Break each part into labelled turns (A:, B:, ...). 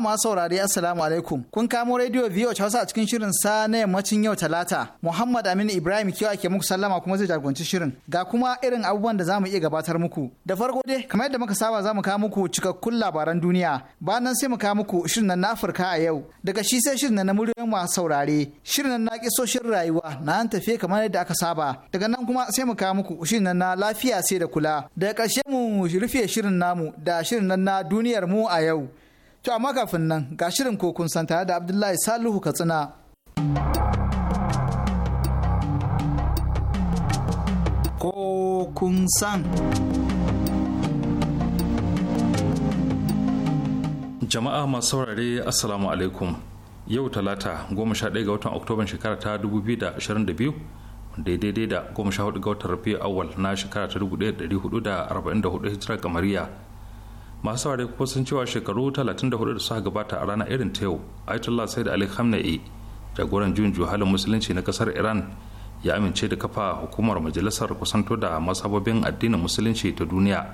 A: mu saurari Assalamu alaikum. Kun kamo rediyo VOH Hausa a cikin shirin sa na yammacin yau Talata. Muhammad Aminu Ibrahim kiwa ke muku sallama kuma zai jagoranci shirin. Ga kuma irin abubuwan da zamu iya gabatar muku. Da farko dai kamar yadda muka saba zamu kawo muku cikakkun labaran duniya. Bayan sai mu kawo muku shirin na Afirka a yau. Daga shi sai shirin na muryoyin masu saurare. Shirin na kisoshin rayuwa na an tafi kamar yadda aka saba. Daga nan kuma sai mu kawo muku shirin na lafiya sai da kula. Daga ƙarshe mu rufe shirin namu da shirin na duniyar mu a yau. To amma kafin nan ga shirin ko kun san tare da Abdullahi Salihu Katsina. Ko kun san.
B: Jama'a masu saurare Assalamu alaikum. Yau talata goma sha ɗaya ga watan Oktoban shekara ta 2022 daidai da goma sha hudu ga watan rafi awal na shekara ta 1444 hijira kamariya. masu ware kuma sun cewa shekaru 34 da suka gabata a rana irin ta yau ayatollah said ali khamenei jagoran juyin juhalin musulunci na kasar iran ya amince da kafa hukumar majalisar kusanto da masababin addinin musulunci ta duniya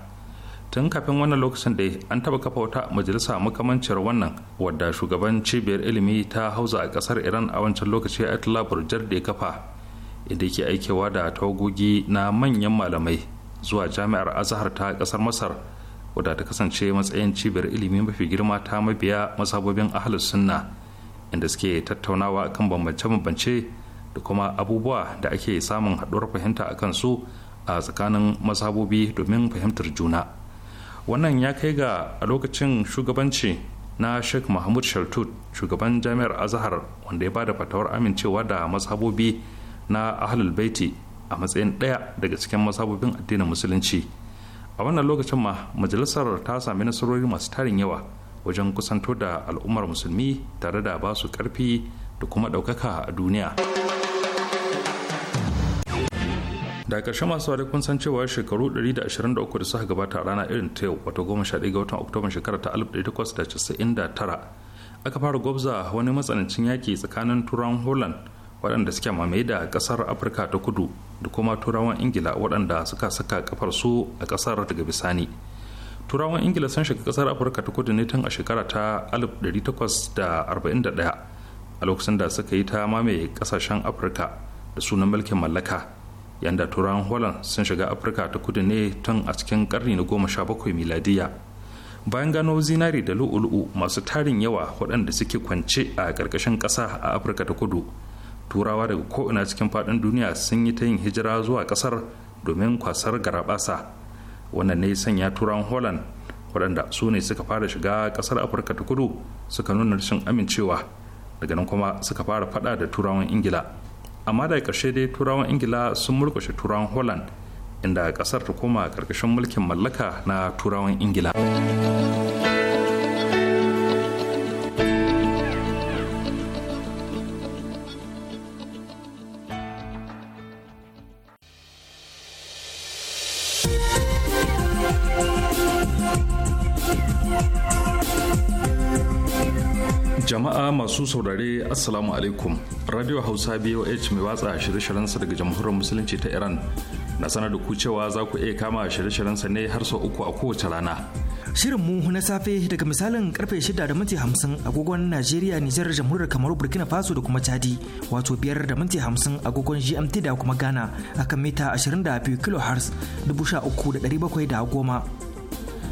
B: tun kafin wannan lokacin da an taba kafa wata majalisa makamancin wannan wadda shugaban cibiyar ilimi ta hauza a kasar iran a wancan lokaci ayatollah burjar da ya kafa inda yake aikewa da tawagogi na manyan malamai zuwa jami'ar azahar ta kasar masar wadda ta kasance matsayin cibiyar ilimi mafi girma ta mabiya masabobin ahalus sunna inda suke tattaunawa kan bambance-bambance da kuma abubuwa da ake samun haɗuwar fahimta a kansu a tsakanin masabobi domin fahimtar juna wannan ya kai ga a lokacin shugabanci na sheikh mahmud shaltut shugaban jami'ar azahar wanda ya bada fatawar amincewa da masabobi na ahalul baiti a matsayin ɗaya daga cikin masabobin addinin musulunci a wannan lokacin ma majalisar ta sami nasarori masu tarin yawa wajen kusanto da al'ummar musulmi tare da ba su karfi da kuma daukaka a duniya da ƙarshen masu wari kun san cewa shekaru 123 da suka gabata a rana irin ta yau wato 11 ga watan oktoba shekara ta 1899 aka fara gwabza wani matsanancin yaki tsakanin turan holland waɗanda suke mamaye da ƙasar afirka ta kudu da kuma turawan ingila waɗanda suka saka kafar su a ƙasar daga bisani turawan ingila sun shiga ƙasar afirka ta kudu ne tun a shekara ta 1841 a lokacin da suka yi ta mamaye ƙasashen afirka da sunan mulkin mallaka yanda turawan holland sun shiga afirka ta kudu ne tun a cikin ƙarni na goma sha bakwai miladiya bayan gano zinari da lu'u-lu'u masu tarin yawa waɗanda suke kwance a ƙarƙashin ƙasa a afirka ta kudu turawa daga ko'ina cikin faɗin duniya sun yi ta yin hijira zuwa ƙasar domin kwasar garabasa wannan ne sanya turawan holland waɗanda su ne suka fara shiga ƙasar afirka ta kudu suka nuna rashin amincewa daga nan kuma suka fara faɗa da turawan ingila amma da ƙarshe dai turawan ingila sun murƙushe turawan holland inda ƙasar ta koma ƙarƙashin mulkin mallaka na turawan ingila jama'a masu saurare assalamu alaikum radio hausa boh mai watsa shirye-shiryensa daga jamhuriyar musulunci ta iran na sanar da ku cewa za ku iya kama shirye sa ne har sau uku a kowace rana
C: shirin mu na safe daga misalin karfe shida da minti 50 agogon Najeriya, Nijar, Jamhuriyar Kamaru, Burkina Faso da kuma Chadi, wato biyar da minti 50 agogon GMT da kuma Ghana akan mita 22 kHz
B: 13,710.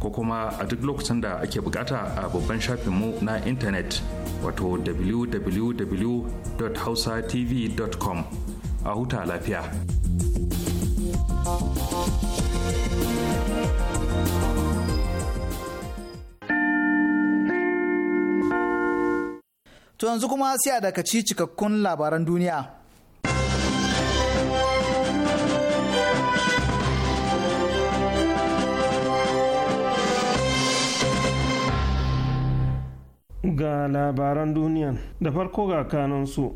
B: ko kuma a duk lokacin da ake bukata a babban shafinmu na intanet wato www.hausatv.com a huta lafiya.
A: To yanzu kuma sai a dakaci cikakkun labaran duniya.
D: ga labaran duniyan da farko ga kanansu.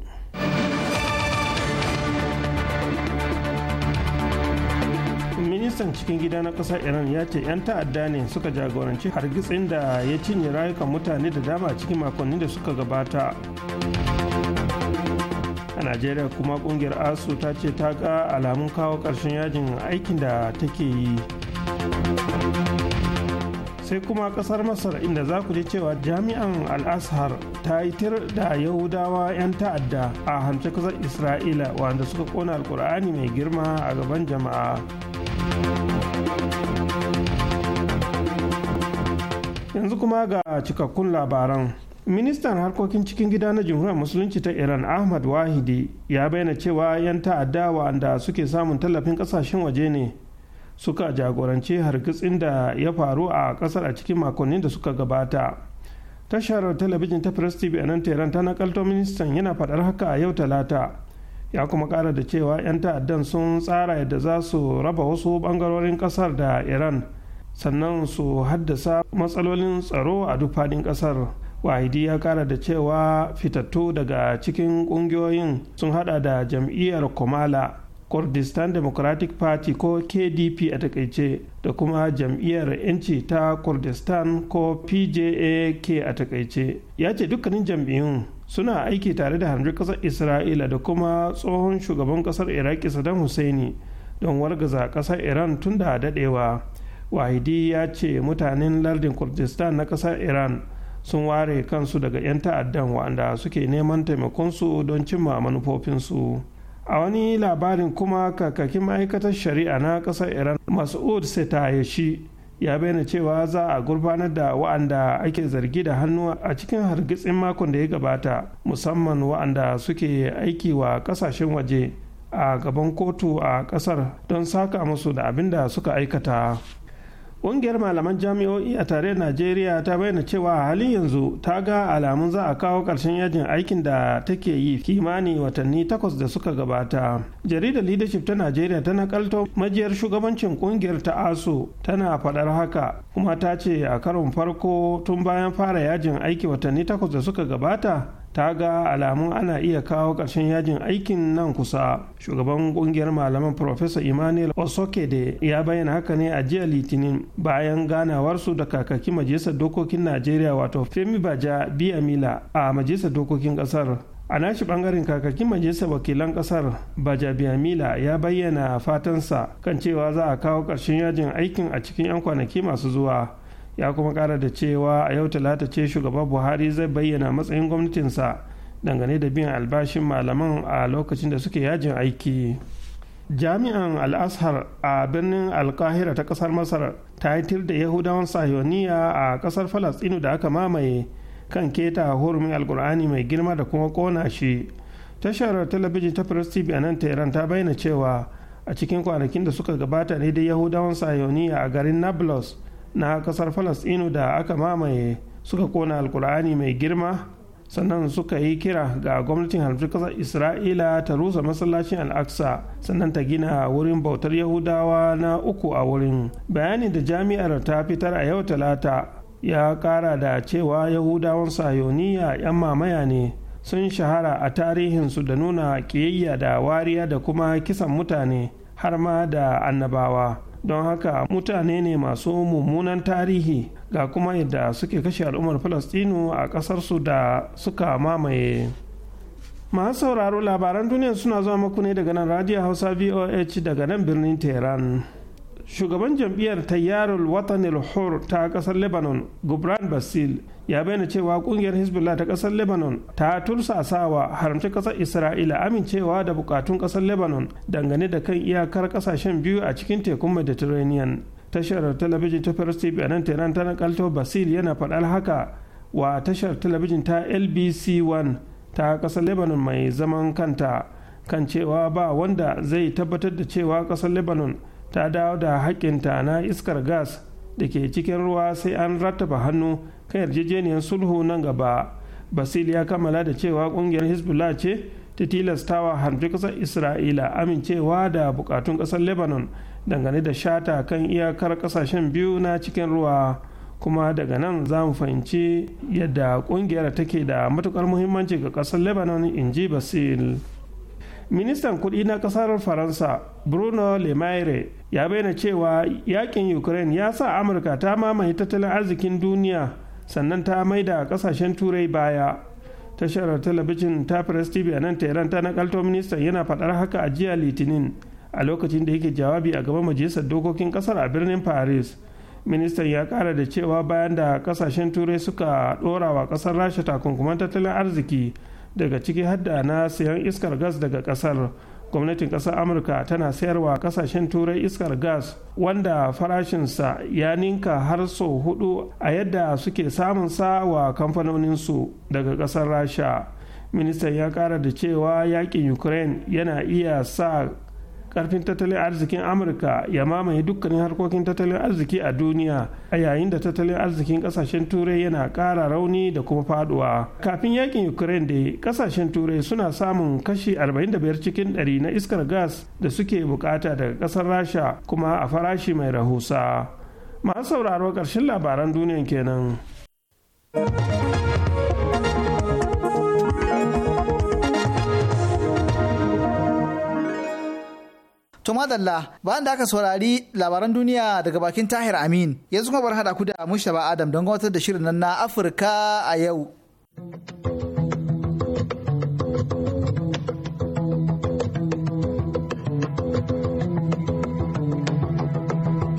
D: ministan cikin gida na ƙasar iran ya ce 'yan ta'adda ne suka jagoranci hargitsin da ya cinye rayukan mutane da dama cikin makonni da suka gabata a najeriya kuma kungiyar asu ta ce ta ga alamun kawo ƙarshen yajin aikin da take yi sai kuma kasar masar inda za ku je cewa jami'an al-azhar ta yi tir da yahudawa 'yan ta'adda a hamsin kasar isra'ila wanda suka kona alkur'ani mai girma a gaban jama'a yanzu kuma ga cikakkun labaran ministan harkokin cikin gida na jamhuriyar musulunci ta iran ahmad wahidi ya bayyana cewa 'yan ta'adda wa'anda suke samun tallafin kasashen waje ne suka jagoranci hargitsin da ya faru a kasar a cikin makonnin da suka gabata tashar talabijin ta press tv a nan teran ta nakalto ministan yana faɗar haka a yau talata ya kuma ƙara da cewa 'yan ta'addan sun tsara yadda za su raba wasu ɓangarorin ƙasar da iran sannan su haddasa matsalolin tsaro a duk faɗin ƙasar wahidi ya kara da cewa fitattu daga cikin kungiyoyin sun hada da jam'iyyar komala kurdistan democratic party ko kdp a takaice da kuma jam'iyyar 'yanci ta kurdistan ko pjak a takaice ya ce dukkanin jam'iyyun suna aiki tare da hanzu kasar isra'ila da kuma tsohon shugaban kasar iraki sadan husaini don wargaza kasar iran tun da dadewa wahidi ya ce mutanen lardin kurdistan na kasar iran sun ware kansu daga 'yan ta'addan wa'anda suke neman taimakonsu don cimma manufofinsu. a wani labarin kuma kakakin ma'aikatar shari'a na ƙasar iran mas'ud shi ya bayyana cewa za a gurbanar da wa'anda ake zargi da hannu a cikin hargitsin makon da ya gabata musamman wa'anda suke aiki wa ƙasashen waje a gaban kotu a ƙasar don saka musu da abin da suka aikata ƙungiyar malaman jami'o'i a tare najeriya ta bayyana cewa a halin yanzu ta ga alamun za a kawo ƙarshen yajin aikin da take yi kimanin watanni takwas da suka gabata jaridar leadership ta najeriya ta nakalto majiyar shugabancin ƙungiyar ta aso tana faɗar haka kuma ta ce a karon farko tun bayan fara yajin aiki watanni takwas da suka gabata ta ga alamun ana iya kawo ƙarshen yajin aikin nan kusa shugaban kungiyar malaman professor emmanuel osokede ya bayyana haka ne a jiya litinin bayan ganawar su da kakaki majalisar dokokin najeriya wato femi baja mila a majalisar dokokin ƙasar a nashi bangaren kakakin majalisar wakilan kasar bajabiyamila ya bayyana fatansa kan cewa za a kawo ƙarshen yajin aikin a cikin 'yan kwanaki masu zuwa ya kuma kara da cewa a yau talata ce shugaban buhari zai bayyana matsayin gwamnatinsa dangane da biyan albashin malaman a lokacin da suke yajin aiki jami'an Al-Ashar a birnin alkahira ta kasar masar ta haitar da yahudawan sahiyoniya a kasar falastinu da aka mamaye kan keta hurumin alkur'ani mai girma da kuma kona shi tashar talabijin ta press tv a nan tehran ta bayyana cewa a cikin kwanakin da suka gabata ne da yahudawan sayoniya a garin nablus na kasar falasɗinu da aka mamaye suka kona alkur'ani mai girma sannan suka yi kira ga gwamnatin halittar kasar isra'ila ta rusa masallacin al'aqsa sannan ta gina wurin bautar yahudawa na uku a wurin bayani da jami'ar ta fitar a yau talata ya kara da cewa yahudawan sayoniya 'yan mamaya ne sun shahara a tarihinsu da nuna kiyayya da wariya da kuma kisan mutane har ma da annabawa don haka mutane ne masu mummunan tarihi ga kuma yadda suke kashe al'ummar falastinu a ƙasarsu da suka mamaye masu sauraro labaran duniya suna zuwa muku ne daga nan radio hausa voh daga nan birnin tehran shugaban jam'iyyar tayyarul watanil hur ta kasar lebanon gubran basil ya bayyana cewa kungiyar hezbollah ta kasar lebanon ta wa haramci kasar isra'ila amincewa da bukatun kasar lebanon dangane da kan iyakar kasashen biyu a cikin tekun mediterranean tashar talabijin ta first tv a nan tehran ta nakalto basil yana faɗar haka wa tashar talabijin ta lbc1 ta kasar lebanon mai zaman kanta kan cewa ba wanda zai tabbatar da cewa kasar lebanon ta dawo da haƙƙinta na iskar gas da ke cikin ruwa sai an rattaba hannu kan yarjejeniyar sulhu nan gaba basil ya kammala da cewa ƙungiyar hezbollah ce ta tilastawa harbi ƙasar isra'ila amincewa da buƙatun ƙasar lebanon dangane da shata kan iyakar ƙasashen biyu na cikin ruwa kuma daga nan za mu fahimci yadda ƙungiyar take da matuƙar muhimmanci ga ƙasar lebanon in ji basil ministan kuɗi na ƙasar faransa bruno lemaire ya bayyana cewa yakin ukraine ya sa amurka ta mamaye tattalin arzikin duniya sannan ta maida kasashen turai baya tashar talabijin ta press tv a nan tehran ta nakalto ministan yana faɗar haka a jiya litinin a lokacin da yake jawabi a gaban majalisar dokokin kasar a birnin paris ministan ya kara da cewa bayan da kasashen turai suka ɗora wa kasar rasha takunkuman tattalin arziki daga ciki hadda na sayan iskar gas daga kasar gwamnatin ƙasar amurka tana sayarwa ƙasashen turai iskar gas wanda farashinsa ya ninka har sau hudu a yadda suke samun sa wa kamfanoninsu daga ƙasar rasha ministan ya kara da cewa yakin ukraine yana iya sa karfin tattalin arzikin amurka ya mamaye dukkanin harkokin tattalin arziki a duniya a yayin da tattalin arzikin kasashen turai yana ƙara rauni da kuma faduwa kafin yakin ukraine da kasashen turai suna samun kashi 45 cikin 100 na iskar gas da suke bukata daga ƙasar rasha kuma a farashi mai rahusa masu sauraro ƙarshen labaran duniya kenan.
A: To madalla bayan da aka saurari labaran duniya daga bakin Tahir Amin yanzu kuma bar hada ku da Mushaba Adam don gabatar da shirin nan na Afirka a yau.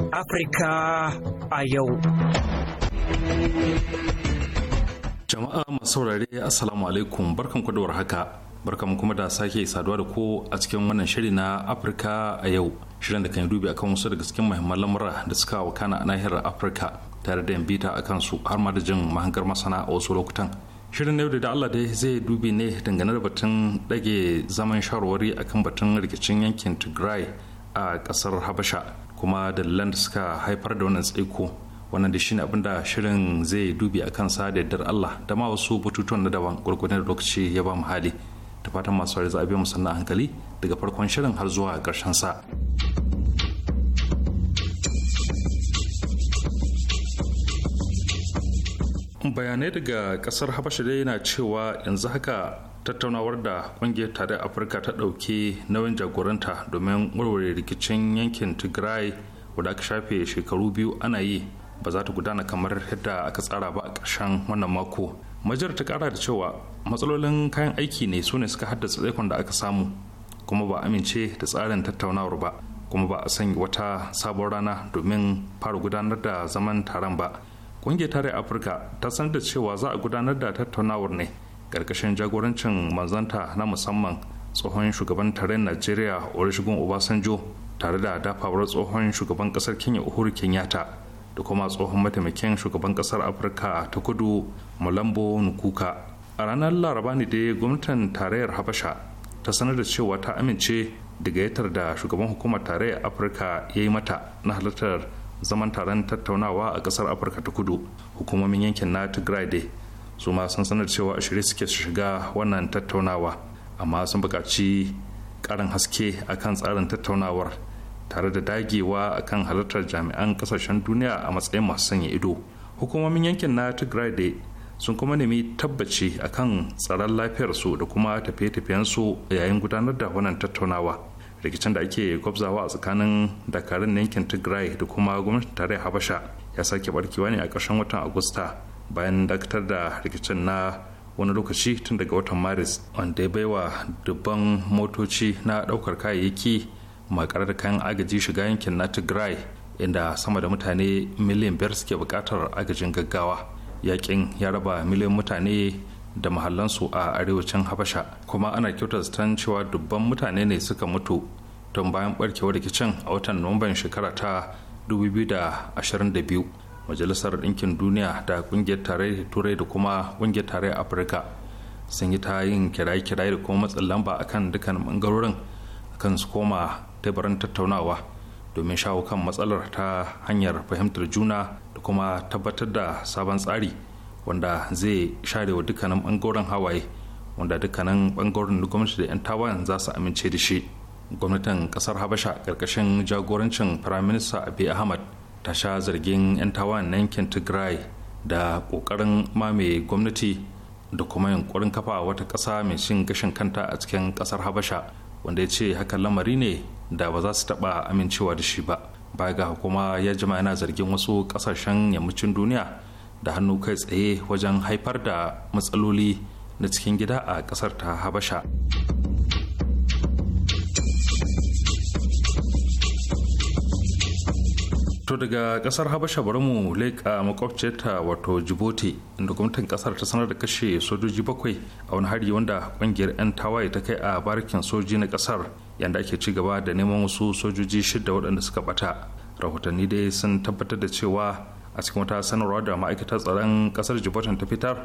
B: Afirka a yau. Jama'a masu saurare Assalamu alaikum barkan da haka. barkamu kuma da sake saduwa da ko a cikin wannan shiri na afirka a yau shirin da kan dubi akan wasu daga cikin muhimman lamura da suka wakana a nahiyar afirka tare da bita a kansu har ma da jin mahangar masana a wasu lokutan shirin yau da allah dai zai dubi ne dangane da batun dage zaman shawarwari akan batun rikicin yankin tigray a kasar habasha kuma dalilan da suka haifar da wannan tsaiko wannan da shi ne abinda shirin zai dubi a kansa da yardar allah da ma wasu batutuwan na daban gwargwadon lokaci ya ba mu hali ta fatan masu sauri za a biya sannan hankali daga farkon shirin har zuwa ƙarshen sa. bayanai daga kasar habasha dai yana cewa yanzu haka tattaunawar da kungiyar tare afirka ta ɗauki nauyin jagoranta domin warware rikicin yankin tigray wadda aka shafe shekaru biyu ana yi ba za ta gudana kamar yadda aka tsara ba a ƙarshen wannan mako majiyar ta kara da cewa matsalolin kayan aiki ne su ne suka haddasa tsaikon da aka samu kuma ba amince da tsarin tattaunawar ba kuma ba a sanya wata sabon rana domin fara gudanar da zaman taron ba ƙungiyar tare afirka ta sanar da cewa za a gudanar da tattaunawar ne ƙarƙashin jagorancin manzanta na musamman tsohon shugaban taron najeriya olusegun obasanjo tare da dafawar tsohon shugaban ƙasar kenya uhuru kenyatta da kuma tsohon mataimakin shugaban ƙasar afirka ta kudu Malambo nukuka a ranar laraba ne dai gwamnatin tarayyar habasha ta sanar da cewa ta amince da gayyatar da shugaban hukumar tarayyar afirka ya yi mata na halartar zaman taron tattaunawa a kasar afirka ta kudu hukumomin yankin na tigray dai su ma sun sanar cewa a shirye suke su shiga wannan tattaunawa amma sun buƙaci ƙarin haske akan tsarin tattaunawar tare da dagewa akan halartar jami'an ƙasashen duniya a matsayin masu sanya ido hukumomin yankin na tigray da sun kuma nemi tabbaci a akan tsaron lafiyarsu da kuma tafiye-tafiyensu yayin gudanar da wannan tattaunawa rikicin da ake gwabzawa a tsakanin dakarun yankin tigray da kuma gwamnatin tarayyar habasha ya sake barkewa ne a ƙarshen watan agusta bayan dakatar da rikicin na wani lokaci tun daga watan maris wanda ya baiwa dubban motoci na ɗaukar kayayyaki makar da kayan agaji shiga yankin na tigray inda sama da mutane miliyan biyar suke buƙatar agajin gaggawa yakin ya raba miliyan mutane da mahallansu a arewacin habasha kuma ana kyauta cewa dubban mutane ne suka mutu tun bayan barkewar rikicin a watan nuwamban shekara ta 2022 majalisar ɗinkin duniya da ƙungiyar tarayyar turai da kuma ƙungiyar tarayyar afirka sun yi ta yin kiraye-kiraye da kuma matsin lamba akan dukkan bangarorin akan su koma tattaunawa domin shawo kan matsalar ta hanyar fahimtar juna da kuma tabbatar da sabon tsari wanda zai share wa dukkanin bangaren hawaye wanda dukkanin da gwamnati da 'yan tawayan za su amince da shi gwamnatin kasar habasha karkashin jagorancin firaminista abiy ahmad ta sha zargin 'yan tawayan na yankin tigray da kokarin mame gwamnati da kuma yankurin kafa wata ƙasa mai cin gashin kanta a cikin kasar habasha wanda ya ce hakan lamari ne da ba za su taɓa amincewa da shi ba baya ga kuma ya jima yana zargin wasu ƙasashen yammacin duniya da hannu kai tsaye wajen haifar da matsaloli na cikin gida a ƙasar ta habasha. To daga kasar Habasha bari mu leƙa makwabciyarta wato Djibouti inda gwamnatin kasar ta sanar da kashe sojoji bakwai a wani hari wanda kungiyar 'yan tawaye ta kai a barikin soji na kasar yanda ake ci gaba da neman wasu sojoji shida waɗanda suka bata. Rahotanni dai sun tabbatar da cewa a cikin wata sanarwa da ma'aikatar tsaron kasar Djibouti ta fitar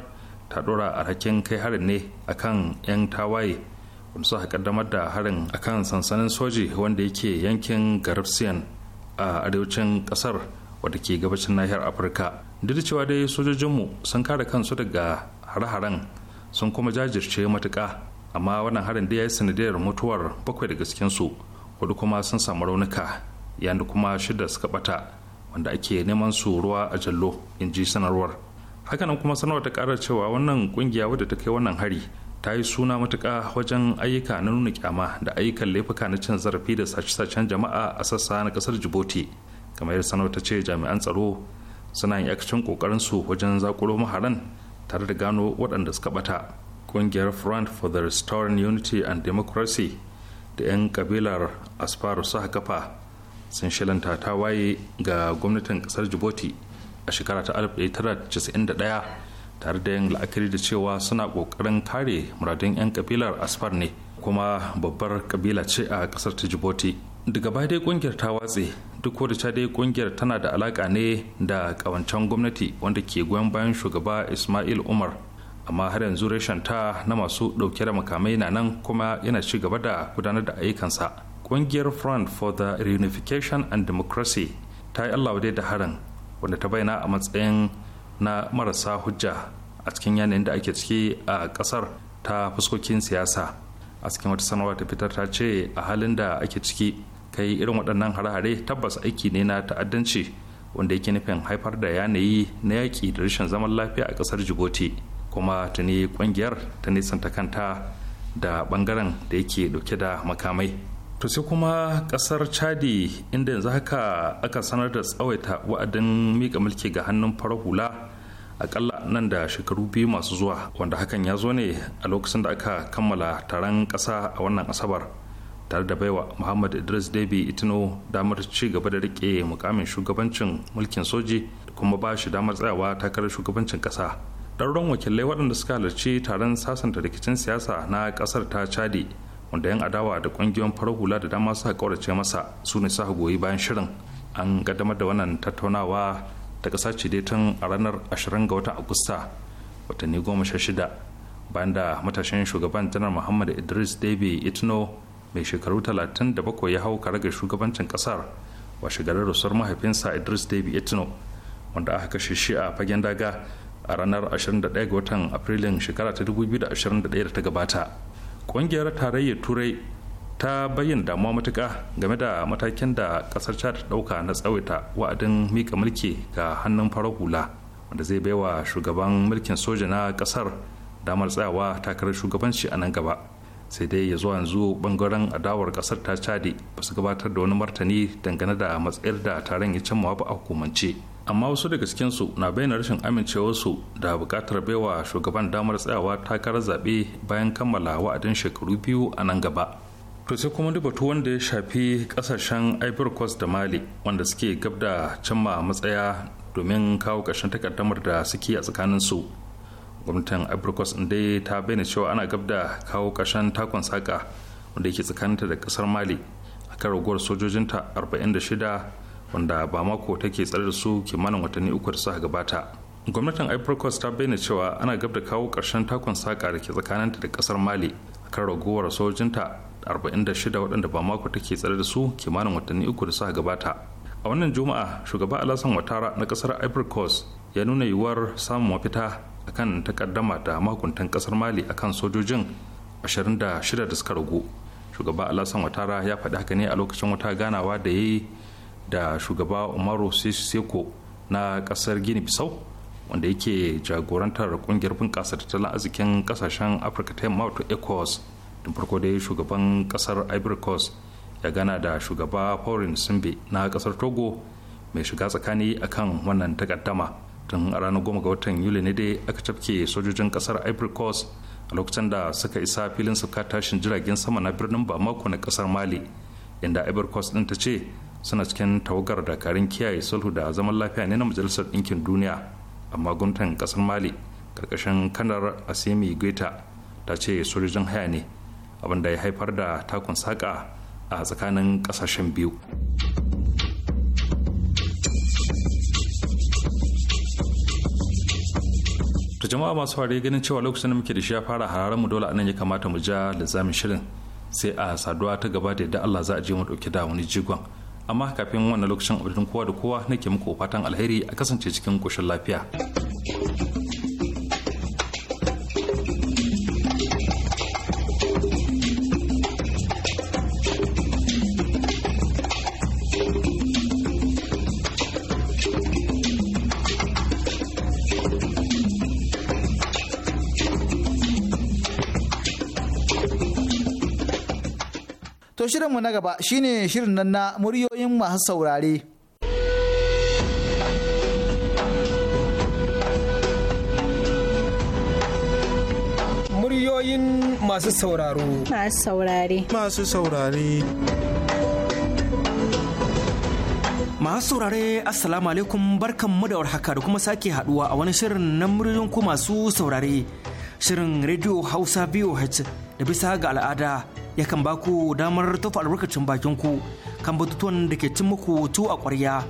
B: ta ɗora alhakin kai harin ne akan 'yan tawaye wanda suka kaddamar da harin akan sansanin soji wanda yake yankin garabsiyan a arewacin kasar wadda ke gabacin nahiyar afirka duk da cewa dai sojojinmu sun kare kansu daga hare-haren sun kuma jajirce matuka amma wannan harin da ya yi sanadiyar mutuwar bakwai daga cikinsu hudu kuma sun samu raunuka yayin da kuma shida suka bata wanda ake neman su ruwa a jallo in ji sanarwar hakanan kuma sanarwar ta karar cewa wannan kungiya wadda ta kai wannan hari ta yi suna matuƙa wajen ayyuka na nuna kyama da ayyukan laifuka na cin zarafi da sace-sacen jama'a a sassa na ƙasar jiboti kamar yadda sanau ta ce jami'an tsaro suna yin yakacin ƙoƙarin su wajen zakuro maharan tare da gano waɗanda suka bata ƙungiyar front for the restoring unity and democracy da 'yan kabilar asfaru suka kafa sun shilanta ta waye ga gwamnatin ƙasar jiboti a shekara ta 1991 tare da yin la'akari da cewa suna kokarin kare muradun 'yan kabilar asfar ne kuma babbar kabila ce a kasar ta jiboti daga baya dai kungiyar ta watse duk da ta dai kungiyar tana da alaka ne da kawancen gwamnati wanda ke goyon bayan shugaba ismail umar amma har yanzu reshen ta na masu dauke da makamai na nan kuma yana ci gaba da gudanar da ayyukansa kungiyar front for the reunification and democracy ta yi allawa da harin wanda ta bayyana a matsayin na marasa hujja a cikin yanayin da ake ciki a kasar ta fuskokin siyasa a cikin wata sanarwa ta fitar ta ce a halin da ake ciki kai irin waɗannan hare-hare tabbas aiki ne na ta'addanci wanda yake nufin haifar da yanayi na yaƙi da rashin zaman lafiya a ƙasar jibuti kuma ta ƙungiyar ta ta kanta da ɓangaren da yake ɗauke da makamai to sai kuma ƙasar chadi inda yanzu haka aka sanar da tsawaita wa'adin miƙa mulki ga hannun farar hula akalla nan da shekaru biyu masu zuwa wanda hakan ya zo ne a lokacin da aka kammala taron ƙasa a wannan asabar tare da baiwa muhammad idris debi itino damar ci gaba da rike mukamin shugabancin mulkin soji da kuma ba shi damar tsayawa takarar shugabancin ƙasa ɗauran wakilai waɗanda suka halarci taron sasanta rikicin siyasa na ƙasar ta chadi wanda yan adawa da ƙungiyoyin farar hula da dama suka ƙaurace masa su ne sa goyi bayan shirin an ƙaddamar da wannan tattaunawa ta kasa ce dai tun a ranar 20 ga watan agusta watanni goma sha shida bayan da matashin shugaban janar muhammad idris debi itno mai shekaru 37 ya hau ga shugabancin kasar wa shigarar rasuwar mahaifinsa idris debi itno wanda aka kashe shi a fagen daga a ranar 21 ga watan afrilun shekara ta 2021 da ta gabata ƙungiyar tarayyar turai ta bayyana damuwa matuka game da matakin da kasar chad dauka na tsawaita wa'adin mika mulki ga hannun farar hula wanda zai baiwa shugaban mulkin soja na kasar damar tsayawa takarar shugabanci a nan gaba sai dai ya zo yanzu bangaren adawar kasar ta chadi ba su gabatar da wani martani dangane da matsayar da taron ya cimma ba a hukumance amma wasu daga cikinsu na bayyana rashin amincewarsu da bukatar baiwa shugaban damar tsayawa takarar zaɓe bayan kammala wa'adin shekaru biyu a nan gaba to sai kuma da batu wanda ya shafi kasashen ivory coast da mali wanda suke gab da cimma matsaya domin kawo ƙarshen takardamar da suke a tsakanin su gwamnatin ivory coast dai ta bayyana cewa ana gab da kawo ƙarshen takon saƙa wanda yake tsakaninta da ƙasar mali A kan raguwar sojojinta 46 wanda ba mako take tsare da su kimanin watanni uku da suka gabata gwamnatin ivory coast ta bayyana cewa ana gab da kawo ƙarshen takon saka da ke tsakaninta da ƙasar mali kan raguwar sojojinta 46 waɗanda ba mako take tsare da su kimanin watanni uku da suka gabata a wannan juma'a shugaba alasan watara na kasar ivory ya nuna yiwuwar samun mafita akan takaddama da mahukuntan kasar mali akan sojojin 26 da suka ragu shugaba alasan watara ya faɗi haka ne a lokacin wata ganawa da ya yi da shugaba umaru seko na kasar gini bisau wanda yake jagorantar kungiyar bunƙasa tattalin arzikin kasashen afirka ta yamma wato ecos tun farko dai shugaban kasar ivory coast ya gana da shugaba foreign simbe na kasar togo mai shiga tsakani akan wannan takaddama tun a ranar goma ga watan yuli ne dai aka cafke sojojin kasar ivory coast a lokacin da suka isa filin suka tashin jiragen sama na birnin bamako na kasar mali inda ivory coast din ta ce suna cikin tawagar dakarun kiyaye sulhu da zaman lafiya ne na majalisar ɗinkin duniya amma gwamnatin kasar mali karkashin kanar asimi guita ta ce sojojin haya ne abinda ya haifar da takun saƙa a tsakanin ƙasashen biyu to jama'a masu fare ganin cewa lokacin da muke da shi ya fara hararen mu dole a nan ya kamata mu ja da lizamin shirin sai a saduwa ta gaba da yadda Allah za a je mu dauke da wani jigon amma kafin wannan lokacin abudin kowa da kowa nake muku fatan alheri a kasance cikin koshin lafiya
A: To shirinmu na gaba shine shirin nan na muryoyin masu saurare.
C: Muryoyin masu sauraro.
E: Masu saurare. Masu
C: saurare. Masu saurare Assalamu alaikum barkanmu da warhaka da kuma sake haduwa a wani shirin na muryoyin ku masu saurare. Shirin Radio Hausa VOH da bisa ga al'ada yakan ba ku damar tofa albarkacin bakin ku kan batutuwan da ke cin muku tu a ƙwarya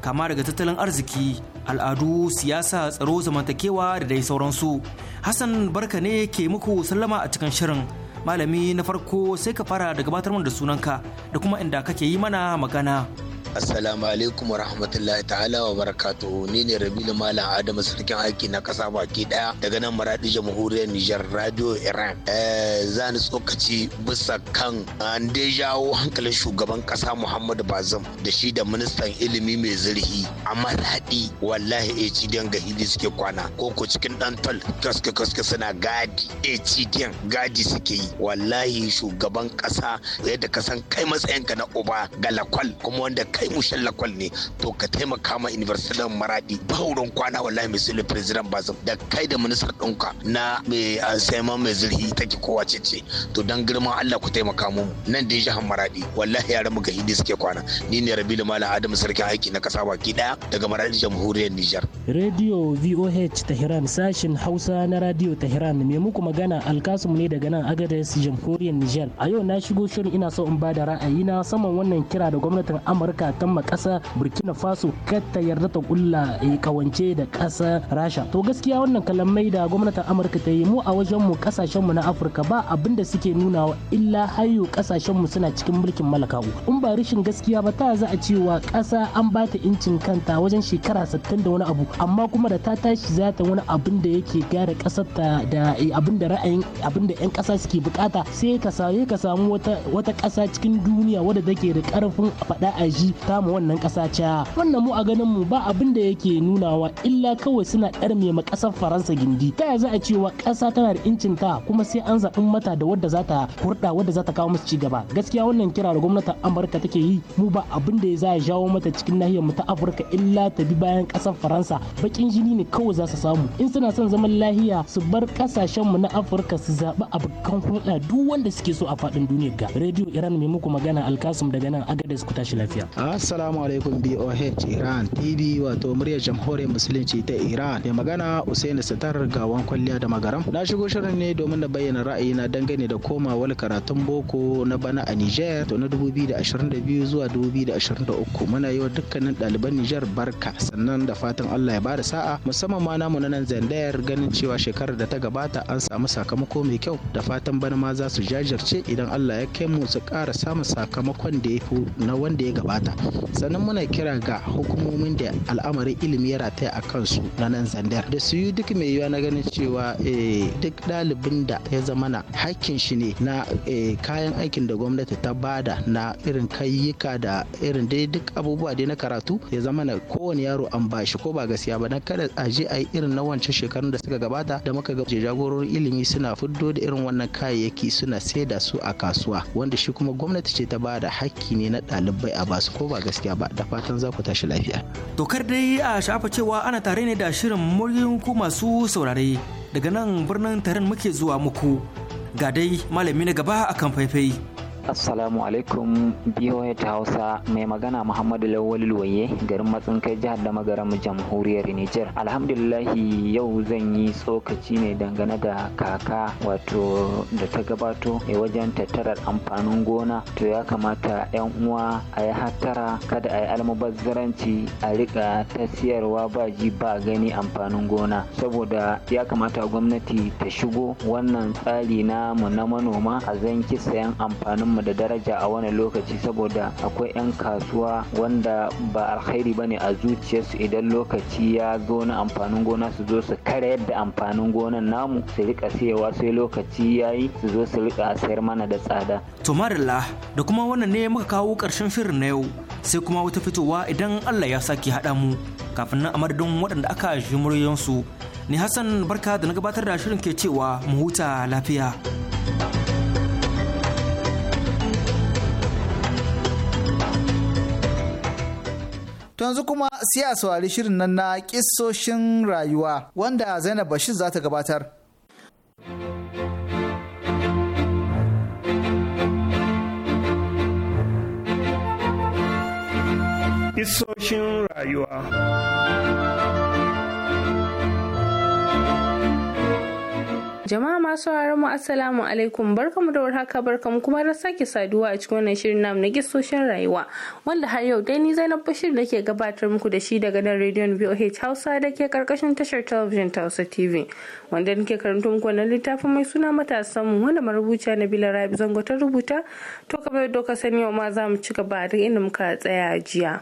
C: kama daga tattalin arziki al'adu siyasa tsaro zamantakewa da dai sauransu hassan barka ne ke muku sallama a cikin shirin malami na farko sai ka fara da gabatar da sunanka da kuma inda kake yi mana magana.
F: assalamu alaikum warahmatullahi ta'ala wa barakatuhu ni ne rabilu malam adamu sarkin aiki na kasa baki daya daga nan maradi jamhuriyar nijar radio iran eh, za ni tsokaci bisa kan an jawo hankalin shugaban ƙasa muhammadu bazum da shi da ministan ilimi mai zurfi a maradi wallahi hdn ga suke kwana ko ko cikin dan tol kaske kaske suna gadi hdn gadi suke yi wallahi shugaban kasa yadda ka san kai matsayinka na uba galakwal kuma wanda ka. kai mushen lakwal ne to ka taimaka ma maradi ba wurin kwana wallahi mai president ba da kai da minister ɗinka na mai ma mai zurhi take kowa ce to dan girman Allah ku taimaka mu nan da jihar maradi wallahi yaran mu gahidi suke kwana ni ne rabi malam adam sarkin aiki na kasa baki daya daga maradi jamhuriyar Nijar.
G: Radio VOH Tehran sashin Hausa na Radio tahiran me muku magana alkasum ne daga nan Agadez jamhuriyar Nijar a yau na shigo shirin ina so in ba da ra'ayi na saman wannan kira da gwamnatin Amurka kan ma ƙasa burkina faso katta yarda ta kulla kawance eh, da ƙasa rasha to gaskiya wannan kalamai da gwamnatin amurka ta yi mu a wajen mu kasashen mu na afirka ba abin da suke nunawa illa hayo kasashen mu suna cikin mulkin malakawu in ba rashin gaskiya ba ta za a cewa ƙasa an ba ta incin kanta wajen shekara 60 da wani abu amma kuma da ta tashi za ta wani abin da yake gyara ƙasar ta da eh, abin da ra'ayin abin da 'yan ƙasa suke bukata sai ka ka samu wata wata ƙasa cikin duniya wadda take da ƙarfin faɗa aji. ta wannan ƙasa ca wannan mu a ganin mu ba abin da yake nunawa illa kawai suna ɗarme ma ƙasar faransa gindi ta za a cewa ƙasa tana da incin ta kuma sai an zaɓi mata da wadda za ta kurɗa wadda za ta kawo musu ci gaba gaskiya wannan kira da gwamnatin amurka take yi mu ba abin da za a jawo mata cikin nahiyar mu ta afirka illa ta bi bayan ƙasar faransa baƙin jini ne kawai za su samu in suna son zaman lahiya su bar ƙasashen mu na afirka su zaɓi abokan hulɗa duk wanda suke so a faɗin duniya ga rediyo iran mai muku magana alkasum daga nan agadez ku tashi lafiya
F: Assalamu alaikum BOH Iran TV wato muryar jamhuriyar musulunci ta Iran mai magana Usaini Sitar gawan kwalliya da magaram na shigo shirin ne domin na bayyana ra'ayina dangane da komawar karatun boko na bana a Niger to na 2022 zuwa 2023 muna yi wa dukkanin ɗaliban Niger barka sannan da fatan Allah ya bada sa'a musamman ma namu na nan Zandayar ganin cewa shekarar da ta gabata an samu sakamako mai kyau da fatan bana ma za su jajirce idan Allah ya kai mu su ƙara samun sakamakon da ya na wanda ya gabata sannan muna kira ga hukumomin da al'amarin ilimi ya rataya a kansu na nan zandar da su yi duk mai yiwa na ganin cewa eh, duk ɗalibin da ya zama na hakkin shi ne na eh, kayan aikin da gwamnati ta bada na irin kayyuka da irin dai duk abubuwa dai na karatu ya zama na kowane yaro an bashi ko ba gaskiya ba na kada a je a yi irin na wancan shekarun da suka gabata da muka ga jagororin ilimi suna fuddo da irin wannan kayayyaki suna saida su a kasuwa wanda shi kuma gwamnati ce ta bada hakki ne na ɗalibai a basu ko ko ba gaskiya ba da fatan za ku tashi
C: lafiya. Dokar dai a shafa cewa ana tare ne da shirin muryin ku masu saurare daga nan birnin taron muke zuwa muku ga dai malami na gaba a kan faifai.
F: Assalamu alaikum ta Hausa mai magana Muhammadu Lawal Waye garin matsin jihar da magaram jamhuriyar Nijar. Alhamdulillahi yau zan yi tsokaci ne dangane da kaka wato da ta gabato a e wajen tattarar amfanin gona to ya kamata 'yan uwa a yi hattara kada a yi almubazzaranci a riƙa ta siyarwa ba ji ba gani amfanin gona saboda ya kamata gwamnati ta shigo wannan tsari na mu na manoma a zanki sayan amfanin mu da daraja a wani lokaci saboda akwai 'yan kasuwa wanda ba alkhairi ba ne a zuciyarsu idan lokaci ya zo na amfanin gona su zo su kare yadda amfanin gonan namu su rika siyewa sai lokaci ya yi su zo su rika sayar mana da tsada.
C: to marilla da kuma wannan ne muka kawo karshen shirin na yau sai kuma wata fitowa idan allah ya sake haɗa mu kafin nan a madadin waɗanda aka ji muryansu ni hassan barka da na gabatar da shirin ke cewa mu huta lafiya.
A: To yanzu kuma siya a saurari shirin nan na kissoshin rayuwa wanda Zainab Bashir za ta gabatar.
D: Kissoshin rayuwa
E: Jama'a masu mu Assalamu alaikum barkamu da warhaka barkamu kuma da sake saduwa a cikin wannan shirin namu na gisoshin rayuwa wanda har yau dai ni Zainab Bashir nake gabatar muku da shi daga nan rediyon VOH Hausa da ke karkashin tashar talabijin ta Hausa TV wanda nake karanto muku wannan littafin mai suna matasan mu wanda marubuciya Nabila Rabi Zango ta rubuta to kamar yadda ka sani yau ma za mu ci gaba da inda muka tsaya jiya.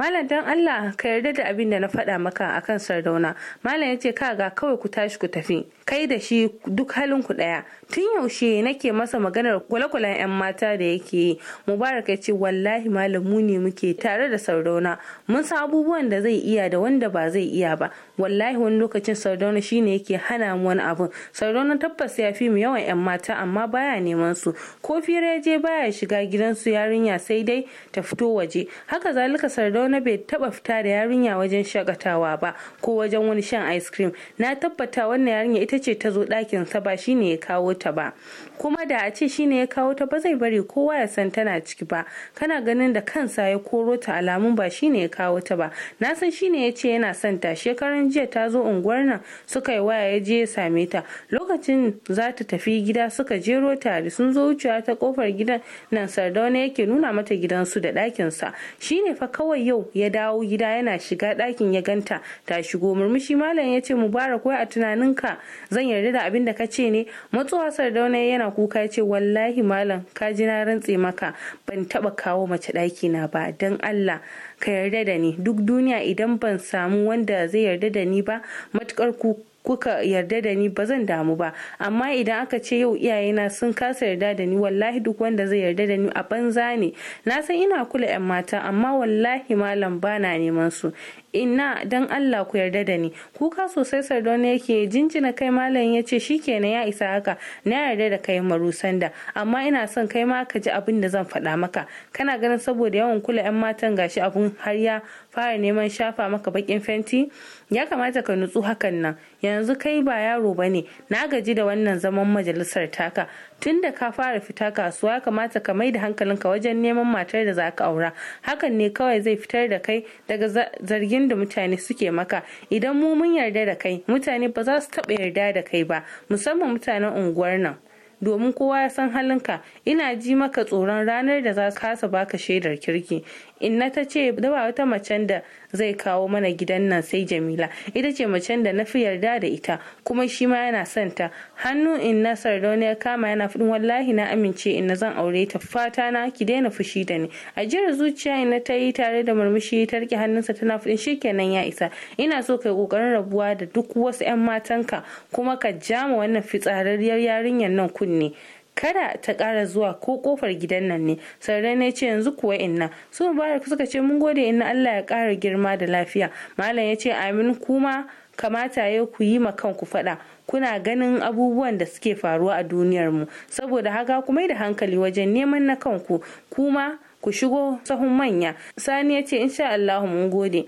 E: malam dan Allah ka yarda da abin da na faɗa maka akan sardauna malam ya ce kaga kawai ku tashi ku tafi kai da shi duk halin ku ɗaya tun yaushe nake masa maganar kwale-kwalen 'yan mata da yake yi mubarak ya ce wallahi malam mu ne muke tare da sardauna mun san abubuwan da zai iya da wanda ba zai iya ba wallahi wani lokacin sardauna ne yake hana mu wani abu. sardauna tabbas ya fi mu yawan 'yan mata amma baya neman su ko fira je baya shiga gidansu yarinya sai dai ta fito waje haka zalika sardauna na bai taba fita da yarinya wajen shakatawa ba ko wajen wani shan ice cream na tabbata wannan yarinya ita ce ta zo dakin sa ba shine ya kawo ta ba kuma da a ce shine ya kawo ta ba zai bari kowa ya san tana ciki ba kana ganin da kansa ya koro ta alamun ba shine ya kawo ta ba na san shine ya ce yana son ta shekaran jiya ta zo unguwar nan suka yi waya ya je ya same ta lokacin za ta tafi gida suka jero da sun zo wucewa ta kofar gidan nan sardauna yake nuna mata gidansu da ɗakinsa shine fa kawai yau yau ya dawo gida yana shiga ɗakin ya ganta ta shigo murmushi malam ya ce mubarak wai a tunaninka zan yarda da abin da ka ce ne matsuwa sardauna yana kuka ya ce wallahi malam ka ji na rantse maka ban taba kawo mace ɗaki na ba don allah ka yarda da ni duk duniya idan ban samu wanda zai yarda da ni ba matukar ku kuka yarda da ni ba zan damu ba amma idan aka ce yau iyayena sun kasa yarda da ni wallahi duk wanda zai yarda da ni a banza ne na san ina kula yan mata amma wallahi malam bana neman su ina dan Allah ku yarda da ni kuka sosai sardona yake jinjina kai malam ya ce kenan ya isa haka na yarda da kai sanda amma ina son kai ma ka ji abin da zan faɗa maka kana ganin saboda yawan kula yan matan gashi abun har ya fara neman shafa maka bakin fenti ya kamata ka nutsu hakan nan yanzu kai ba yaro ba ne na gaji da wannan zaman majalisar taka tun da ka fara fita kasuwa ya kamata ka mai da hankalinka wajen neman matar da za ka aura hakan ne kawai zai fitar da kai daga zargin da mutane suke maka idan mu mun yarda da kai mutane ba za su taɓa yarda da kai ba musamman mutanen unguwar nan domin kowa ya san halinka ina ji maka tsoron ranar da za kasa baka shaidar kirki inna ta ce da ba wata macen da zai kawo mana gidan nan sai jamila ita ce macen da na fi yarda da ita kuma shi ma yana son ta hannu inna sardauna ya kama yana fudin wallahi na amince inna zan aure ta fata na ki daina fushi da ni a jiyar zuciya inna ta yi tare da murmushi ta rike hannunsa tana fudin shikenan ya isa ina so kai kokarin rabuwa da duk wasu yan matanka kuma ka jama wannan fitsararriyar yarinyar nan kun ne kada ta ƙara zuwa ko kofar gidan nan ne sarrai na ce yanzu kuwa inna su mubarak suka ce mun gode inna allah ya ƙara girma da lafiya malam ya ce amin kuma kamata ya ku yi ma kanku faɗa kuna ganin abubuwan da suke faruwa a duniyar mu saboda haka ku mai da hankali wajen neman na kanku kuma ku shigo sahun manya sani ya ce insha Allah mun gode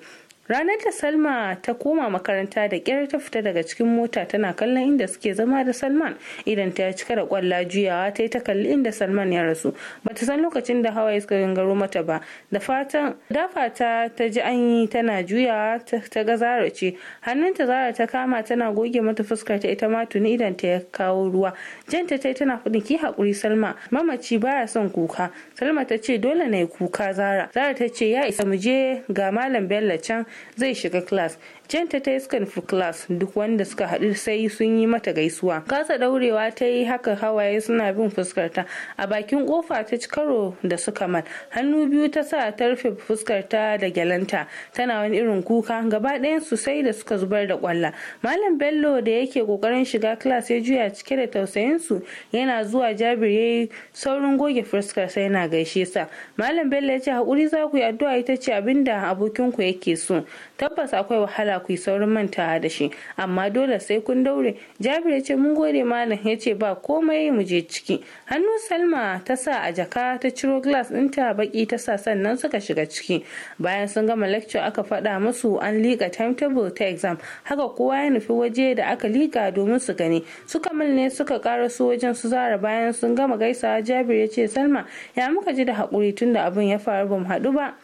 E: ranar da salma ta koma makaranta da kyar ta fita daga cikin mota tana kallon inda suke zama da salman idan ta cika da kwalla juyawa ta yi ta kalli inda salman ya rasu Ba ta san lokacin da hawaye suka gangaro mata ba da fatan dafata ta ji an yi tana juyawa ta ga zara ce hannunta zara ta kama tana goge mata fuskar ta ita matuni idan ta ya kawo ruwa janta ta yi tana faɗin ki haƙuri salma mamaci baya son kuka salma ta ce dole na yi kuka zara zara ta ce ya isa mu je ga malam bello can zai shiga class janta ta ta yi class duk wanda suka haɗu sai sun yi mata gaisuwa kasa daurewa ta yi haka hawaye suna bin fuskarta a bakin kofa ta ci karo da suka man hannu biyu ta sa ta rufe fuskarta da gyalanta tana wani irin kuka gaba ɗayan su sai da suka zubar da kwalla malam bello da yake kokarin shiga class ya juya cike da tausayin su yana zuwa jabir yayi saurin goge fuskar sai yana gaishe sa malam bello ya ce hakuri za ku yi addu'a ita ce abinda abokin ku yake so tabbas akwai wahala ku yi saurin mantawa da shi amma dole sai kun daure jabir ya ce mun gode malam ya ce ba komai mu je ciki hannu salma ta sa a jaka ta ciro glass ɗinta baki ta sa sannan suka shiga ciki bayan sun gama lecture aka faɗa musu an liƙa timetable ta exam haka kowa ya nufi waje da aka liƙa domin su gani suka ne suka kara su wajen su zara bayan sun gama gaisawa jabir ya ce salma ya muka ji da haƙuri tunda abin ya faru ba mu haɗu ba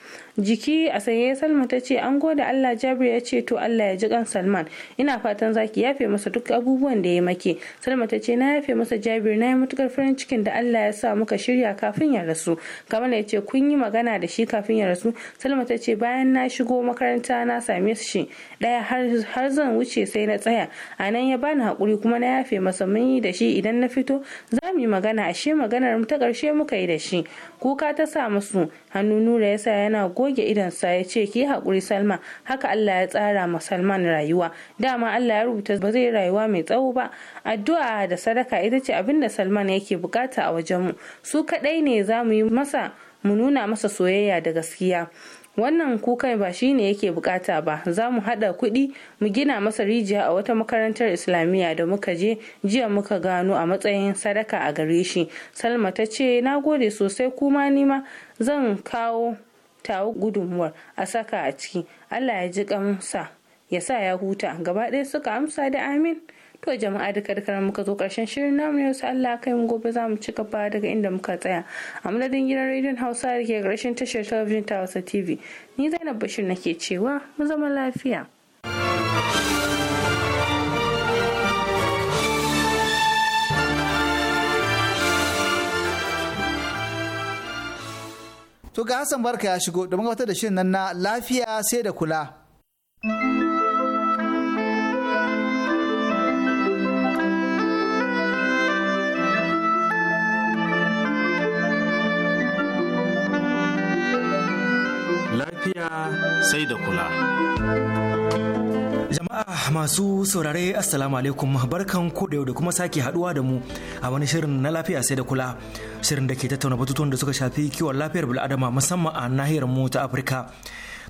E: jiki a sanye salma ta ce an gode allah jabir ya ce to allah ya ji kan salman ina fatan zaki yafe masa duk abubuwan da ya make salma ta ce na yafe masa jabir na yi matukar farin cikin da allah ya sa muka shirya kafin ya rasu kamar ya ce kun yi magana da shi kafin ya rasu salma ta ce bayan na shigo makaranta na same shi daya har zan wuce sai na tsaya a nan ya bani hakuri kuma na yafe masa mun yi da shi idan na fito za mu yi magana ashe maganar ta karshe muka yi da shi kuka ta sa musu hannu nura ya sa yana goge idonsa ya ce ki haƙuri salma haka allah ya tsara ma salman rayuwa dama allah ya rubuta ba zai rayuwa mai tsawo ba addu'a da sadaka ita ce abin da salman yake bukata a wajenmu su kaɗai ne za mu yi masa mu nuna masa soyayya da gaskiya wannan kukan ba shi ne yake bukata ba za mu haɗa kuɗi mu gina masa rijiya a wata makarantar islamiyya da muka je jiya muka gano a matsayin sadaka a gare shi salma ta ce na gode sosai kuma nima zan kawo tawo gudunmuwar a saka a ciki allah ya ji kamsa ya sa ya huta gaba ɗaya suka amsa da amin to jama'a duka duka muka zo karshen shirin namu ne wasu Allah kai mu gobe za mu ci gaba daga inda muka tsaya a madadin gidan rediyon Hausa da ke karshen tashar talabijin ta Hausa TV ni Zainab Bashir nake cewa mu zama lafiya.
A: To ga Hassan Barka ya shigo domin gabatar da shirin nan na lafiya sai da kula.
F: lafiya sai da kula.
C: Jama'a masu saurare Assalamu alaikum barkan ku da yau da kuma sake haduwa da mu a wani shirin na lafiya sai da kula. Shirin da ke tattauna batutuwan da suka shafi kiwon lafiyar bil'adama musamman a nahiyar mu ta Afirka.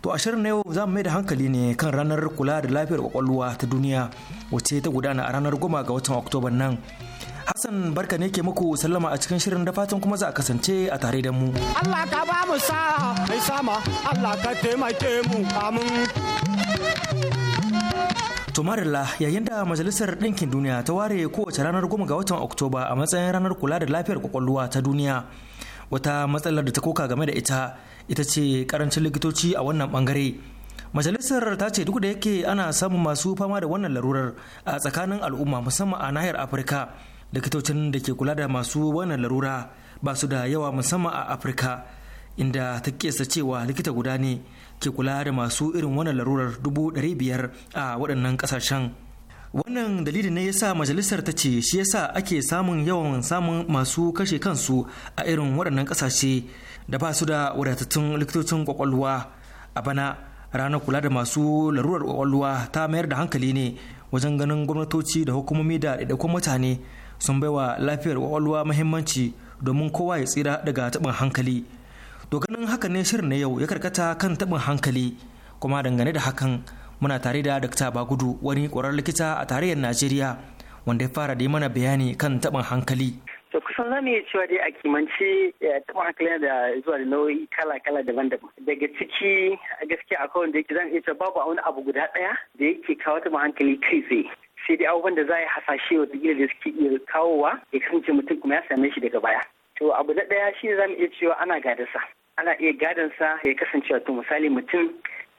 C: To a shirin na yau za mu mai da hankali ne kan ranar kula da lafiyar kwakwalwa ta duniya wacce ta gudana a ranar goma ga watan Oktoba nan. Hassan barka ne ke muku sallama a cikin shirin da fatan kuma za a kasance a tare da mu.
H: Allah ka ba mu sa mai sama Allah ka
C: taimake mu amin. Tumarilla yayin da Majalisar Ɗinkin Duniya ta ware kowace ranar goma ga watan Oktoba a matsayin ranar kula da lafiyar kwakwalwa ta duniya. Wata matsalar da ta koka game da ita ita ce karancin likitoci a wannan bangare. Majalisar ta ce duk da yake ana samun masu fama da wannan larurar a tsakanin al'umma musamman a nahiyar Afirka. likitocin da ke kula da masu wannan larura ba su da yawa musamman a afirka inda ta kesa cewa likita guda ne ke kula da masu irin wannan larurar dubu biyar a waɗannan ƙasashen wannan dalilin ne yasa majalisar ta ce shi yasa ake samun yawan samun masu kashe kansu a irin waɗannan ƙasashe da ba su da wadatattun likitocin kwakwalwa a bana ranar kula da masu larurar kwakwalwa ta mayar da hankali ne wajen ganin gwamnatoci da hukumomi da ɗaiɗaikun mutane sun baiwa lafiyar kwakwalwa mahimmanci domin kowa ya tsira daga taɓin hankali to ganin haka ne shirin na yau ya karkata kan taɓin hankali kuma dangane da hakan muna tare da dakta bagudu wani ƙwarar likita a tarayyar najeriya wanda ya fara da yi mana bayani kan taɓin hankali
H: to kusan zamu iya cewa dai a kimanci eh, taɓin hankali da zuwa da nau'i kala-kala daban-daban daga ciki gaskiya akwai wanda yake zan iya cewa babu wani abu guda ɗaya da yake kawo taɓin hankali kai tsaye sai dai abubuwan da za a yi hasashe wata da suke iya kawowa ya kasance mutum kuma ya same shi daga baya to abu na ɗaya shi za mu iya cewa ana gadansa ana iya gadansa ya kasance wato misali mutum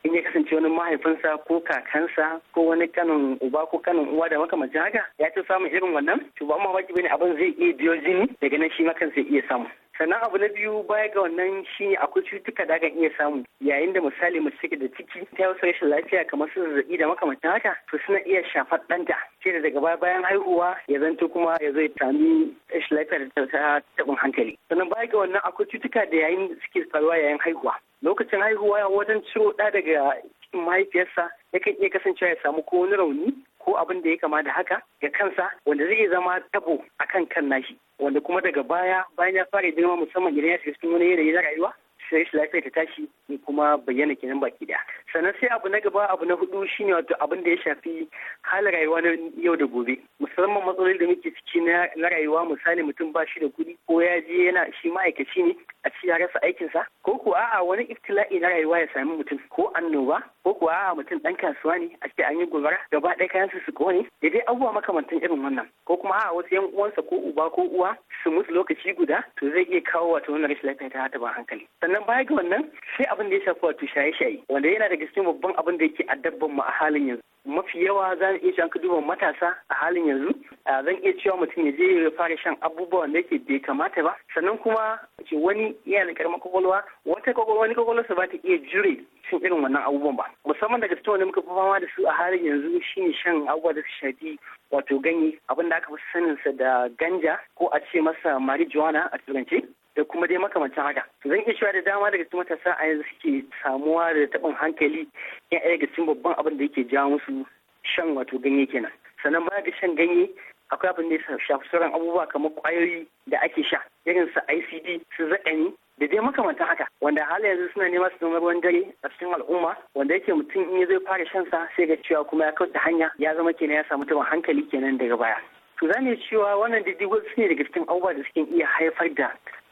H: in ya kasance wani mahaifinsa ko kakansa ko wani kanin uba ko kanin uwa da makamancin haka ya ci samun irin wannan to ba mu mamaki bane abin zai iya biyo jini daga nan shi ma kansa iya samu sannan abu na biyu baya ga wannan shi akwai cututtuka da akan iya samu yayin da misali mace take da ciki ta wasu rashin lafiya kamar su zazzabi da makamantan haka to suna iya shafar ɗanta ce da daga bayan haihuwa ya zanto kuma ya zai tami rashin lafiya da ta taɓin hankali sannan baya ga wannan akwai cututtuka da yayin suke faruwa yayin haihuwa lokacin haihuwa wajen ciro ɗa daga cikin mahaifiyarsa yakan iya kasancewa ya samu ko wani rauni ko abin da ya kama da haka ga kansa wanda zai zama tabo akan kan nashi wanda kuma daga baya bayan ya fara girma musamman idan ya shiga cikin wani yanayi na rayuwa sai shi lafiya ta tashi kuma bayyana kenan baki daya sannan sai abu na gaba abu na hudu shine wato abin da ya shafi halin rayuwa na yau da gobe musamman matsaloli da muke ciki na rayuwa misali mutum ba shi da kuɗi ko ya je yana shi ma'aikaci ne a ci ya rasa aikinsa ko ko a'a wani iftila'i na rayuwa ya sami mutum ko annoba ko ko a'a mutum dan kasuwa ne a ce an yi gobara gaba ɗaya kayan su su kone da dai abubuwa makamantan irin wannan ko kuma a'a wasu yan uwansa ko uba ko uwa su mutu lokaci guda to zai iya kawo wato wannan rashin lafiya ta ba hankali sannan baya ga wannan sai abin da ya shafi wato shaye-shaye wanda yana daga cikin babban abin da yake addabban mu a halin yanzu mafi yawa za mu iya ka duba matasa a halin yanzu zan iya cewa mutum ya je ya fara shan abubuwa da yake bai kamata ba sannan kuma ce wani yana da karamar kwakwalwa wata kwakwalwa wani su ba ta iya jure sun irin wannan abubuwan ba musamman daga cikin wanda muka fi fama da su a halin yanzu shine shan abubuwa da su shafi wato ganye abin da aka fi saninsa da ganja ko a ce masa marijuana a turance da kuma dai makamancin haka zan iya cewa da dama daga cikin matasa a yanzu suke samuwa da taɓin hankali yan daga cikin babban abin da yake jawo musu shan wato ganye kenan sannan baya da shan ganye akwai abin da ya shafi sauran abubuwa kamar kwayoyi da ake sha irin su ICD su zaƙani da dai makamantan haka wanda hali yanzu suna nema su zama ruwan dare a cikin al'umma wanda yake mutum in ya zai fara shan sa sai ga cewa kuma ya kauta hanya ya zama kenan ya samu taɓin hankali kenan daga baya su zane cewa wannan diddigo su ne daga cikin abubuwa da suke iya haifar da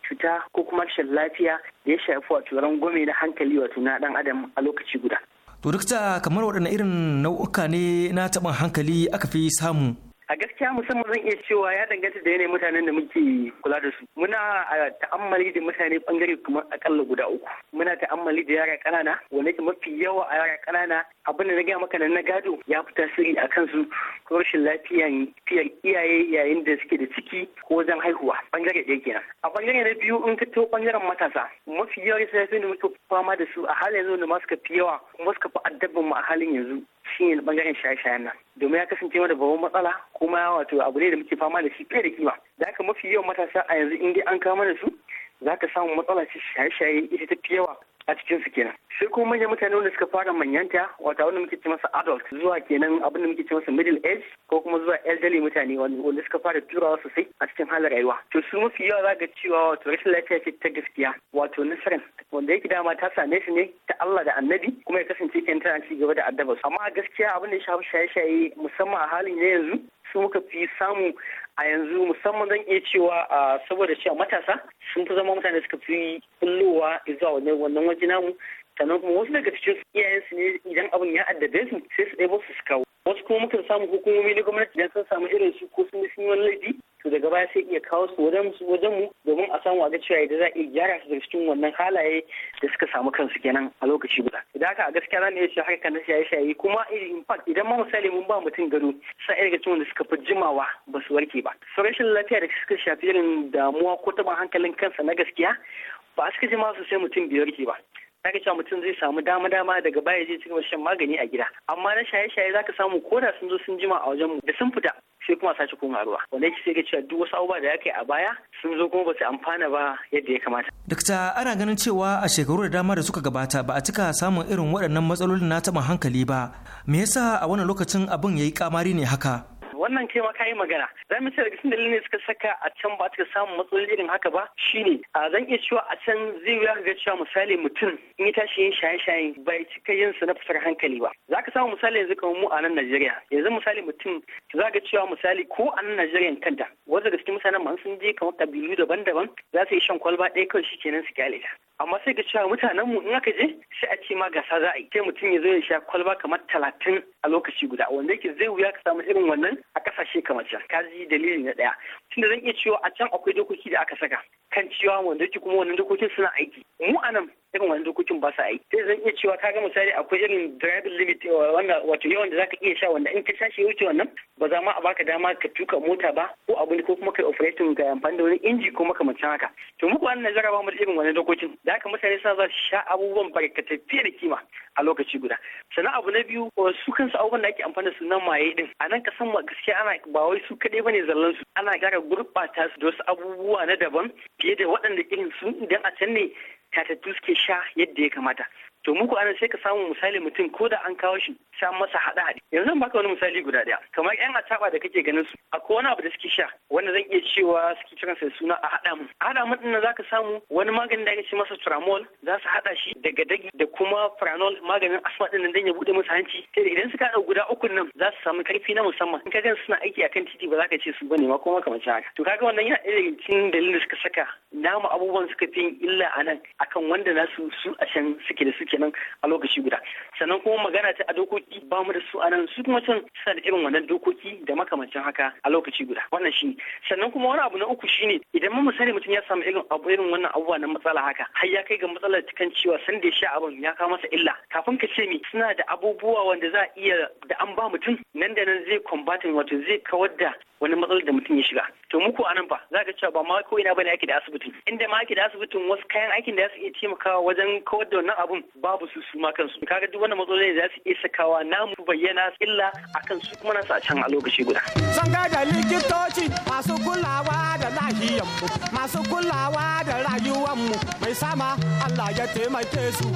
H: cuta ko kuma rashin lafiya da ya shafi wato rangwame na hankali wato na dan adam a lokaci guda.
C: To kamar waɗanne irin nau'uka ne na taɓin hankali aka fi samu
H: a gaskiya musamman zan iya cewa ya danganta da yanayin mutanen da muke kula da su muna ta'ammali da mutane bangare kuma akalla guda uku muna ta'ammali da yara kanana wanda ke mafi yawa a yara kanana abin na gaya maka na gado ya fi tasiri a kansu ko rashin lafiyan fiyar iyaye yayin da suke da ciki ko wajen haihuwa bangare ɗaya kenan a bangare na biyu in ka to bangaren matasa mafi yawa sai da muke fama da su a halin yanzu da masu suka fi yawa kuma suka fi addabin mu a halin yanzu shine bangaren shaye-shayen nan domin ya kasance mana babban matsala kuma wato abu ne da muke fama da shi kai da kima da haka mafi yawan matasa a yanzu in dai an kama da su za ka samu matsala ce shaye-shaye ita ta fi yawa a cikin su kenan shi kuma manyan mutane wanda suka fara manyanta wata wanda muke ce masa adult zuwa kenan abin da muke ce masa middle age ko kuma zuwa elderly mutane wanda suka fara turawa sosai a cikin halin rayuwa to su mafi yawa za ga cewa wato rashin lafiya ce ta gaskiya wato nasarar wanda yake dama ta same shi ne ta Allah da annabi kuma ya kasance kenan tana ci gaba da addaba amma gaskiya abin da ya shafi shaye-shaye musamman a halin na yanzu su muka fi samu a yanzu musamman zan iya cewa a saboda cewa matasa sun fi zama mutane suka fi kullowa zuwa wannan waje namu sannan kuma wasu daga cikin iyayensu ne idan abin ya addabe su sai su ɗebo su kawo wasu kuma mukan samu hukumomi na gwamnati idan sun samu irin su ko sun yi wani laifi to daga baya sai iya kawo su wajen mu domin a samu a cewa idan za a iya gyara su daga cikin wannan halaye da suka samu kansu kenan a lokaci guda idan aka a gaskiya za mu iya cewa haka na shaye shaye kuma in fact idan ma misali mun ba mutum gado sa iya daga cikin wanda suka fi jimawa ba su warke ba su lafiya da suka shafi irin damuwa ko taɓa hankalin kansa na gaskiya ba a suka jima sosai mutum bai warke ba zaka cewa mutum zai samu dama dama daga baya zai ci gaba shan magani a gida amma na shaye shaye zaka samu koda sun zo sun jima a wajen mu da sun fita sai kuma sace koma ruwa wanda yake sai ka cewa duk wasu abubuwa da ya kai a baya sun zo kuma ba su amfana ba yadda ya kamata.
C: Dakta ana ganin cewa a shekaru da dama da suka gabata ba a cika samun irin waɗannan matsalolin na taɓa hankali ba me yasa a wannan lokacin abin ya yi kamari ne haka.
H: wannan kai ma kayi magana za mu ce daga cikin dalilin da suka saka a can ba ta samun matsaloli irin haka ba shine a zan iya cewa a can zai wuya ga cewa misali mutum in ya tashi yin shaye-shaye bai cika yin sa na fitar hankali ba za ka samu misali yanzu kamar mu a nan Najeriya yanzu misali mutum za ga cewa misali ko a nan Najeriya kanta wanda daga cikin mutanen man sun je kamar kabilu daban-daban za su yi shan kwalba ɗaya kawai shi su kyale amma sai ka cewa mutanen mu in aka je sai a ce ma gasa za a yi sai mutum ya zo ya sha kwalba kamar talatin a lokaci guda wanda yake zai wuya ka samu irin wannan a kasashe kamar can ka ji dalili na daya da zan iya cewa a can akwai dokoki da aka saka kan cewa wanda yake kuma wannan dokokin suna aiki mu anan irin wani dokokin ba sa aiki sai zan iya cewa ka ga misali akwai irin driving limit eh, wanda wato yawan da zaka iya sha wanda in ka sha shi wuce wannan ba za ma a baka dama ka tuka mota ba ko abu ne ko kuma kai operating ga amfani da wani inji ko makamancin haka to muku wannan nazara ba mu da irin wani dokokin da haka mutane sa za su sha abubuwan barkatai da kima a lokaci guda sannan abu na biyu eh, su kansu abubuwan da ake amfani da su nan maye din a nan kasan gaskiya ana ba wai su kadai bane zallan su ana gyara gurbata su da wasu abubuwa na daban fiye da waɗanda irin su idan a can ne ta tattuske sha yadda ya kamata to muku ana sai ka samu misali mutum ko da an kawo shi sa masa hada hade yanzu zan baka wani misali guda daya kamar yan ataba da kake ganin su akwai wani abu da suke sha wanda zan iya cewa suke kiran sai suna a hada mu a hada mu zaka samu wani maganin da ake ce masa tramol za su hada shi daga dagi da kuma franol maganin asma din nan dan ya bude musu hanci sai da idan suka hada guda uku nan za su samu karfi na musamman in ka suna aiki akan titi ba za ka ce su bane ma kuma kamar haka to kaga wannan yana ɗaya daga cikin dalilin da suka saka namu abubuwan suka fi illa a nan akan wanda nasu su a can suke da suke kenan a lokaci guda sannan kuma magana ta a dokoki ba mu da su anan su kuma can suna da irin wannan dokoki da makamancin haka a lokaci guda wannan shi sannan kuma wani abu na uku shine idan mu sani mutum ya samu irin abu irin wannan abubuwa na matsala haka har ya kai ga matsalar kan cewa san da ya sha abin ya kawo masa illa kafin ka ce mi suna da abubuwa wanda za a iya da an ba mutum nan da nan zai kwambatin wato zai kawar da wani matsalar da mutum ya shiga to muku anan ba za ka cewa ba ma ko ina ba bane ake da asibitin inda ma ake da asibitin wasu kayan aikin da za su iya taimakawa wajen kawar da wannan abun babu su su ma kansu kaga duk wannan matsalolin za su iya sakawa namu bayyana illa akan su kuma na a can a lokaci guda
I: san ga da likitoci
F: masu kulawa da lahiyan mu masu kulawa da rayuwan mu mai
H: sama Allah ya taimake su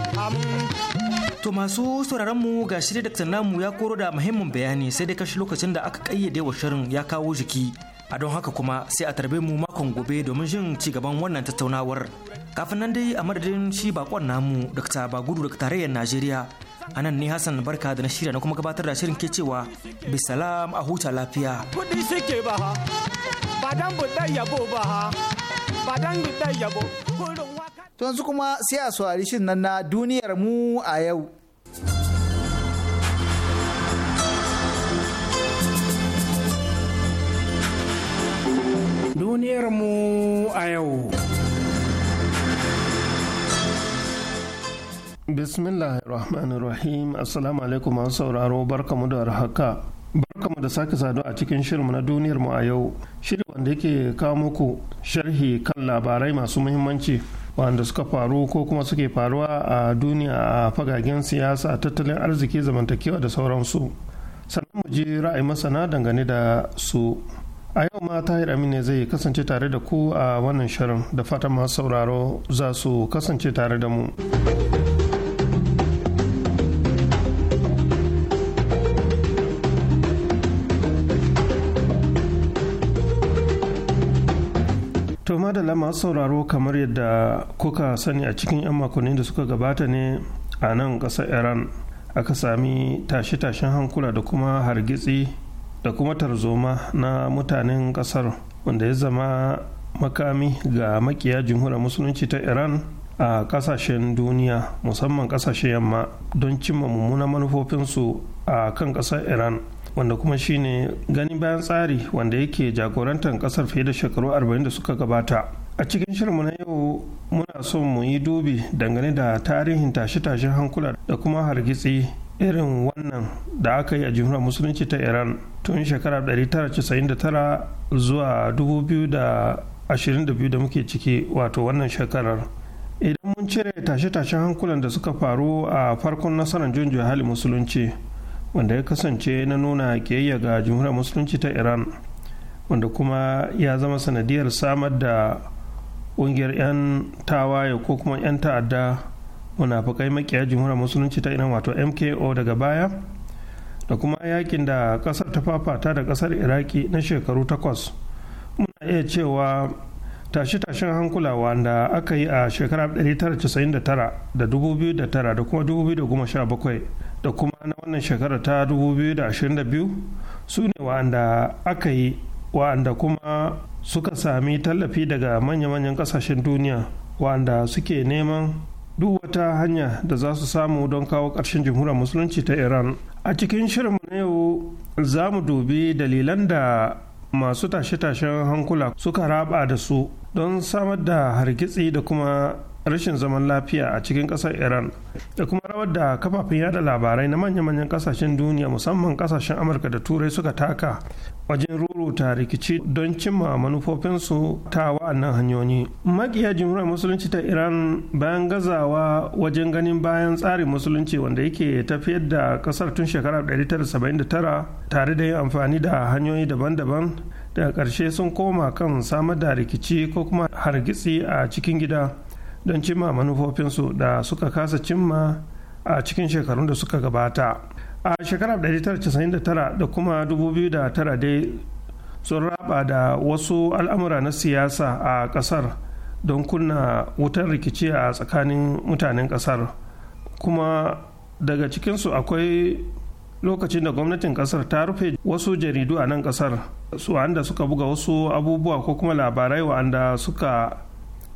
C: To masu sauraron mu ga shirye da Namu ya koro da muhimmin bayani sai dai kashi lokacin da aka kayyade wa shirin ya kawo jiki. A don haka kuma sai a tarbe mu makon gobe domin jin ci gaban wannan tattaunawar. kafin nan dai a madadin shi bakon namu dr bagudu daga tarayyar najeriya a nan ne hassan barka da na shirya na kuma gabatar da shirin ke cewa bisalam a huta lafiya kudi suke ba ha ba dan budan yabo ba ha ba dan budan yabo
A: to yanzu kuma sai a saurari shin nan na duniyar mu a yau
D: duniyar mu a yau Bismillahirrahmanirrahim Assalamu alaikum masu sauraro barkamu da haka. Barkamu da sake sadu a cikin shirinmu na duniyar mu a yau. shirin wanda yake kawo muku sharhi kan labarai masu muhimmanci wanda suka faru ko kuma suke faruwa a duniya a fagagen siyasa tattalin arziki zamantakewa da sauransu. Sannan mu je ra'ayi masana dangane da su. A yau ma Tahir Amine zai kasance tare da ku a wannan shirin da fatan masu sauraro za su kasance tare da mu. da masu sauraro kamar yadda kuka sani a cikin 'yan makonni da suka gabata ne a nan ƙasar iran aka sami tashe-tashen hankula da kuma hargitsi da kuma tarzoma na mutanen ƙasar wanda ya zama makami ga makiya jimhuriyar musulunci ta iran a ƙasashen duniya musamman ƙasashen yamma don cimma mummunan manufofinsu a kan ƙasar iran wanda kuma shine ganin bayan tsari wanda yake jagorantar kasar fiye da shekaru 40 da suka gabata a cikin shirmu na yau muna so mu yi dubi dangane da tarihin tashe-tashen hankula da kuma hargitsi irin wannan da aka yi a jimhuriyar musulunci ta iran tun shekarar 1999 zuwa 2022 da muke ciki wato wannan shekarar idan mun cire tashe-tashen hankulan da suka faru a farkon nasarar junjo hali musulunci wanda ya kasance na nuna kiyayya ga jamhuriyar musulunci ta iran wanda kuma ya zama sanadiyar samar da ƙungiyar 'yan tawaye ko kuma 'yan ta'adda muna munafukai makiya jamhuriyar musulunci ta iran wato mko daga baya da kuma yakin da kasar ta fafata da kasar iraki na shekaru takwas muna iya cewa tashe-tashen hankula wanda aka yi a shekara 1999 da kuma 2017 da kuma na wannan shekara ta 2022 su ne wa'anda aka yi wa'anda kuma suka sami tallafi daga manya-manyan kasashen duniya wa'anda suke neman duk wata hanya da za su samu don kawo ƙarshen jamhuriyar musulunci ta iran a cikin shirin na yau za mu dubi dalilan da masu tashe-tashen hankula suka raba da su don samar da hargitsi da kuma rashin zaman lafiya a cikin ƙasar iran da kuma rawar da kafafen yada labarai na manya-manyan ƙasashen duniya musamman ƙasashen amurka da turai suka taka wajen ruruta rikici don cimma manufofinsu ta wa'annan hanyoyi makiya jimhuriyar musulunci ta iran bayan gazawa wajen ganin bayan tsarin musulunci wanda yake tafiyar da ƙasar tun shekarar 1979 tare da yin amfani da hanyoyi daban-daban daga ƙarshe sun koma kan samar da rikici ko kuma hargitsi a cikin gida don cimma manufofinsu da suka kasa cimma a cikin shekarun da suka gabata a shekarar 1999 da kuma 2009 dai sun raba da wasu al'amura na siyasa a kasar don kunna wutar rikici a tsakanin mutanen kasar kuma daga cikinsu akwai lokacin da gwamnatin kasar ta rufe wasu jaridu a nan kasar su wanda suka buga wasu abubuwa ko kuma labarai wa'anda suka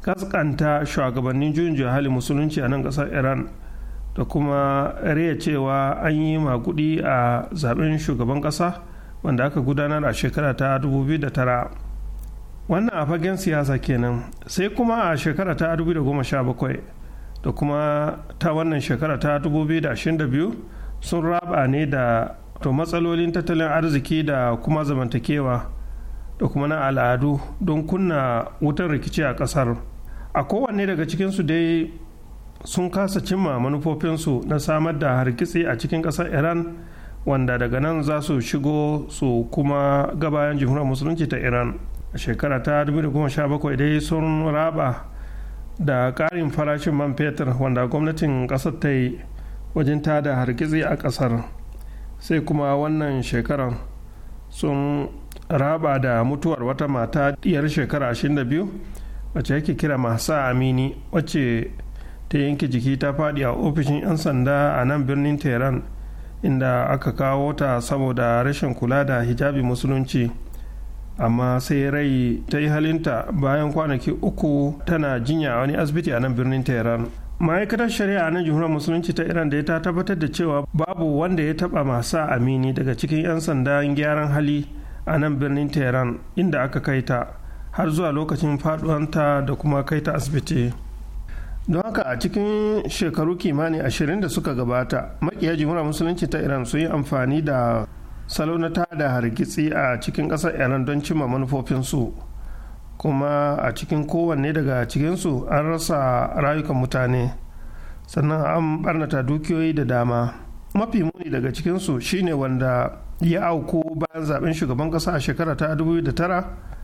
D: kaskanta shugabannin juyin hali musulunci a nan kasar iran da kuma raya cewa an yi magudi a zaben shugaban kasa wanda aka gudanar a shekara ta 2009 wannan a fagen siyasa kenan sai kuma a shekara ta 2017 da kuma ta wannan shekara ta 2022 sun raba ne da to matsalolin tattalin arziki da kuma zamantakewa da kuma na al'adu don kunna wutar rikici a kasar. a kowanne daga cikinsu dai sun kasa cimma manufofinsu na samar da hargitsi a cikin ƙasar iran wanda daga nan za su shigo su kuma gabayan jamhuriyar musulunci ta iran a shekara ta 2017 dai sun raba da ƙarin farashin man fetur wanda gwamnatin ƙasar ta yi wajen ta da hargitsi a ƙasar sai kuma wannan shekarar sun raba da mutuwar wata mata diyar shekara 22 wacce yake kira masu amini wacce ta yanke jiki ta faɗi a ofishin 'yan sanda a nan birnin tehran inda aka kawo ta saboda rashin kula da hijabi musulunci amma sai rai ta yi halinta bayan kwanaki uku tana jinya a wani asibiti a nan birnin tehran ma'aikatar shari'a na jihunan musulunci ta iran da ta tabbatar da cewa babu wanda ya taba masu amini daga cikin 'yan sandan gyaran hali a nan birnin tehran inda aka kai ta har zuwa lokacin faduwanta da kuma kai ta asibiti don haka a cikin shekaru kimanin ashirin da suka gabata makiya wura musulunci ta iran sun yi amfani da salo na tada hargitsi a cikin ƙasar iran don cimma manufofinsu kuma a cikin kowanne daga cikinsu an rasa rayukan mutane sannan an barnata dukiyoyi da dama mafi muni daga cikinsu shine wanda ya auku bayan zaben shugaban ƙasa a shekara ta 2009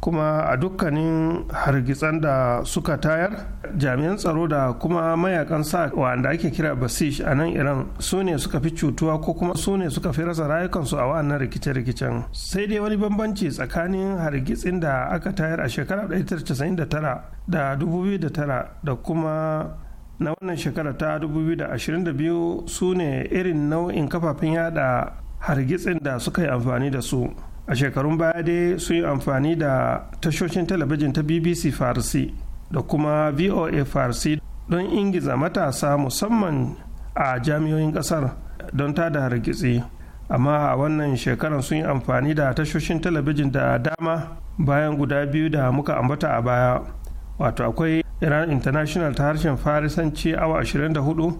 D: kuma a dukkanin hargitsan da suka tayar jami'an tsaro da kuma mayakan sa wanda ake kira basish a nan iran su ne suka fi cutuwa ko kuma su ne suka fi rasa rayukansu a wannan rikice-rikicen sai dai wani bambanci tsakanin hargitsin da aka tayar a shekarar 1999 da 2009 da kuma na wannan shekara ta 2022 su ne irin nau'in kafafen yada hargitsin da suka yi amfani da su a shekarun baya dai sun yi amfani da tashoshin talabijin ta bbc farsi da kuma voa farsi don ingiza matasa musamman a jami'oyin kasar don tada hargitsi amma a wannan shekarar sun yi amfani da tashoshin talabijin da dama bayan guda biyu da muka ambata a baya wato akwai iran international ta harshen farisanci awa 24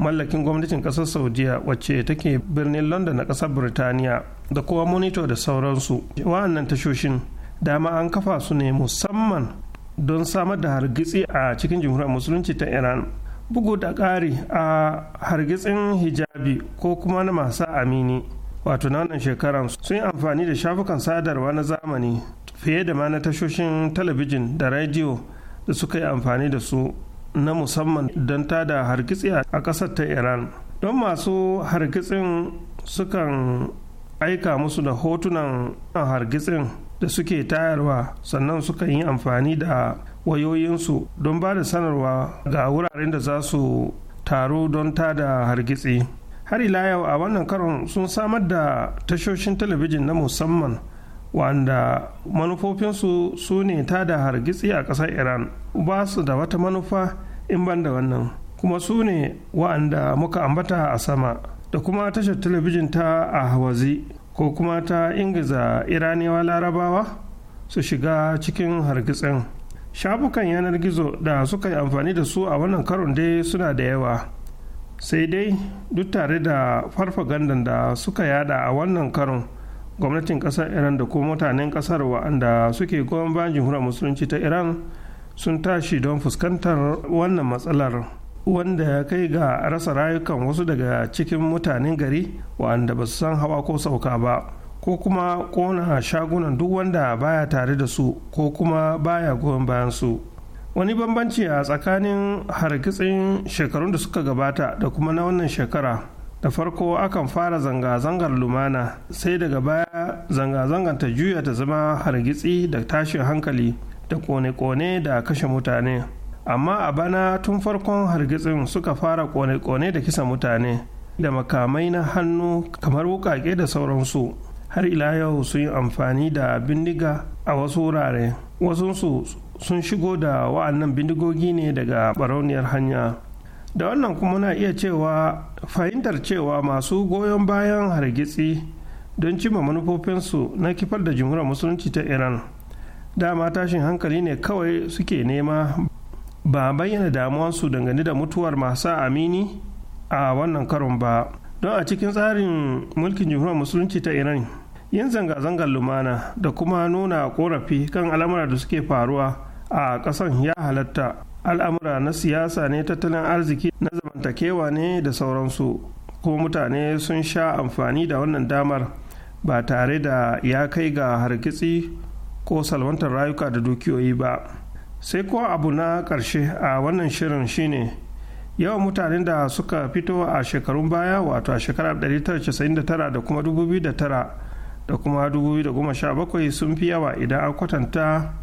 D: mallakin gwamnatin kasar saudiya wacce take birnin london na kasar birtaniya da kowa monitor da sauransu wa'annan tashoshin dama an kafa su ne musamman don samar da hargitsi a cikin jamhuriyar musulunci ta iran bugu da ƙari a hargitsin hijabi ko kuma na masu amini wato na wannan shekaran sun yi amfani da shafukan sadarwa na zamani fiye da ma na tashoshin talabijin da rediyo da suka yi amfani da su na musamman don tada hargitsi a ƙasar ta iran don masu hargitsin sukan aika musu da hotunan hargitsin da suke tayarwa sannan sukan yi amfani da wayoyinsu don ba da sanarwa ga wuraren da za su taro don tada hargitsi har ila yau a wannan karon sun samar da tashoshin talabijin na musamman wanda manufofinsu su ne ta da hargitsi a ƙasar iran ba su da wata manufa in ban da wannan kuma su ne wa'anda muka ambata a sama da kuma tashar talabijin ta a hawazi ko kuma ta ingiza iraniyawa larabawa su shiga cikin hargitsin shafukan yanar gizo da suka yi amfani da su a wannan karon dai suna da yawa sai dai duk tare da farfagandan da suka yada a wannan karon gwamnatin kasar iran da kuma mutanen kasar wa'anda suke goma bayan jamhuriyar musulunci ta iran sun tashi don fuskantar wannan matsalar wanda ya kai ga rasa rayukan wasu daga cikin mutanen gari wa'anda ba su san hawa ko sauka ba ko kuma kona shagunan duk wanda baya tare da su ko kuma baya goyon bayan su wani bambanci a tsakanin hargitsin shekarun da suka gabata da kuma na wannan shekara da farko akan fara zanga-zangar lumana sai daga baya zanga-zangar ta juya ta zama hargitsi da tashin hankali da kone-kone da kashe mutane amma a bana tun farkon hargitsin suka fara kone-kone da kisa mutane da makamai na hannu kamar wukake da sauransu har ila yau sun yi amfani da bindiga a wasu wurare wasunsu sun shigo da wa'annan bindigogi ne daga barauniyar hanya da wannan kuma na iya cewa fahimtar cewa masu goyon bayan hargitsi don cimma manufofinsu na kifar da jimhuriyar musulunci ta iran dama tashin hankali ne kawai suke nema ba bayyana damuwansu dangane da mutuwar masu amini a wannan karon ba don a cikin tsarin mulkin jimhuriyar musulunci ta iran yin zanga-zangar lumana da kuma nuna korafi kan al'amura da suke faruwa a ƙasan ya halatta al'amura na siyasa ne tattalin arziki na zamantakewa ne da sauransu ko mutane sun sha amfani da wannan damar ba tare da ya kai ga hargitsi ko salwantar rayuka da dukiyoyi ba sai ko abu na karshe a wannan shirin shine yawan mutanen da suka fito a shekarun baya wato a shekarar 1999 da kuma 2009 da kuma 2017 sun fi yawa idan an kwatanta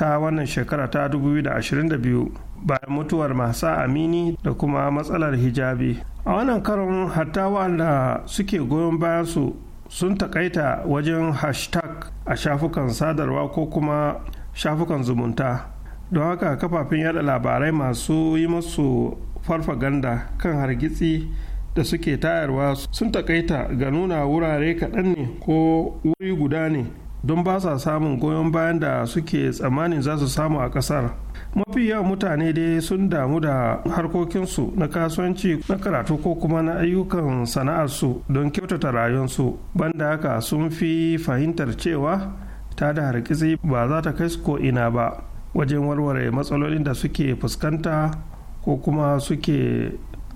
D: ta wannan shekara ta 2022 bayan mutuwar masa amini da kuma matsalar hijabi a wannan karon hatta wanda suke goyon bayan su sun takaita wajen hashtag a shafukan sadarwa ko kuma shafukan zumunta don haka kafafen yada labarai masu yi masu farfaganda kan hargitsi da suke tayarwa sun takaita ga nuna wurare kaɗan ne ko wuri guda ne don ba sa samun goyon bayan da suke tsammanin za su samu a ƙasar mafi yawan mutane dai sun damu da harkokinsu na kasuwanci na karatu ko kuma na ayyukan sana'arsu don kyautata rayuwarsu banda haka sun fi fahimtar cewa ta da hargitsi ba za ta kai su ko'ina ba wajen warware matsalolin da suke fuskanta ko kuma suke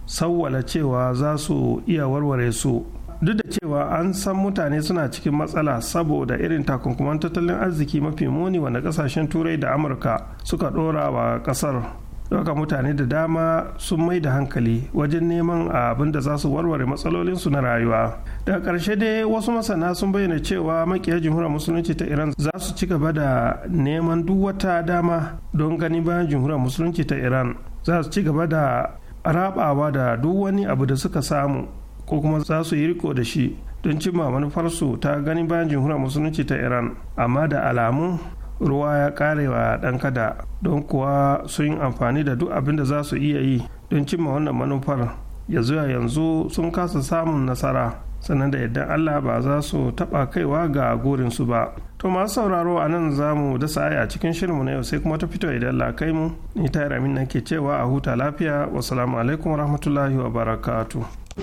D: sawwala cewa za su iya warware su duk da cewa an san mutane suna cikin matsala saboda irin takunkuman tattalin arziki mafi muni wanda kasashen turai da amurka suka dora wa kasar doka mutane da dama sun mai da hankali wajen neman abin da za su warware matsalolinsu na rayuwa daga karshe dai wasu masana sun bayyana cewa makiyar jamhuriyar musulunci ta iran za su ci gaba da neman duk wata dama don gani bayan jamhuriyar musulunci ta iran za su ci gaba da rabawa da duk wani abu da suka samu ko kuma za su yi riko da shi don cimma manufarsu ta gani bayan jamhuriyar musulunci ta iran amma da alamu ruwa ya karewa dan kada don kuwa sun yi amfani da duk abin da za su iya yi don cimma wannan manufar ya zuwa yanzu sun kasa samun nasara sannan da yadda allah ba za su taba kaiwa ga gurinsu ba to masu sauraro a nan za mu dasa aya cikin shirinmu na yau sai kuma ta fito idan la kai mu ni ta ramin nake cewa a huta lafiya wasu alaikum wa barakatu. To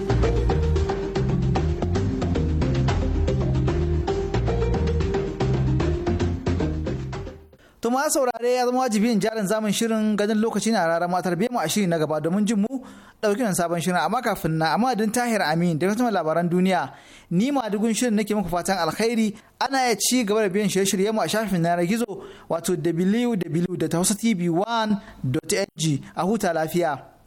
A: ma saurare ya zama wajibi in jarin zamun shirin ganin lokaci na rara matar biyu a shiri na gaba domin jin mu ɗauki nan sabon shirin amma kafin na amma din Tahir Amin da kuma labaran duniya ni ma dugun shirin nake muku fatan alkhairi ana ya ci gaba da biyan shirye-shirye mu a shafin na gizo wato www.hausatv1.ng a huta lafiya.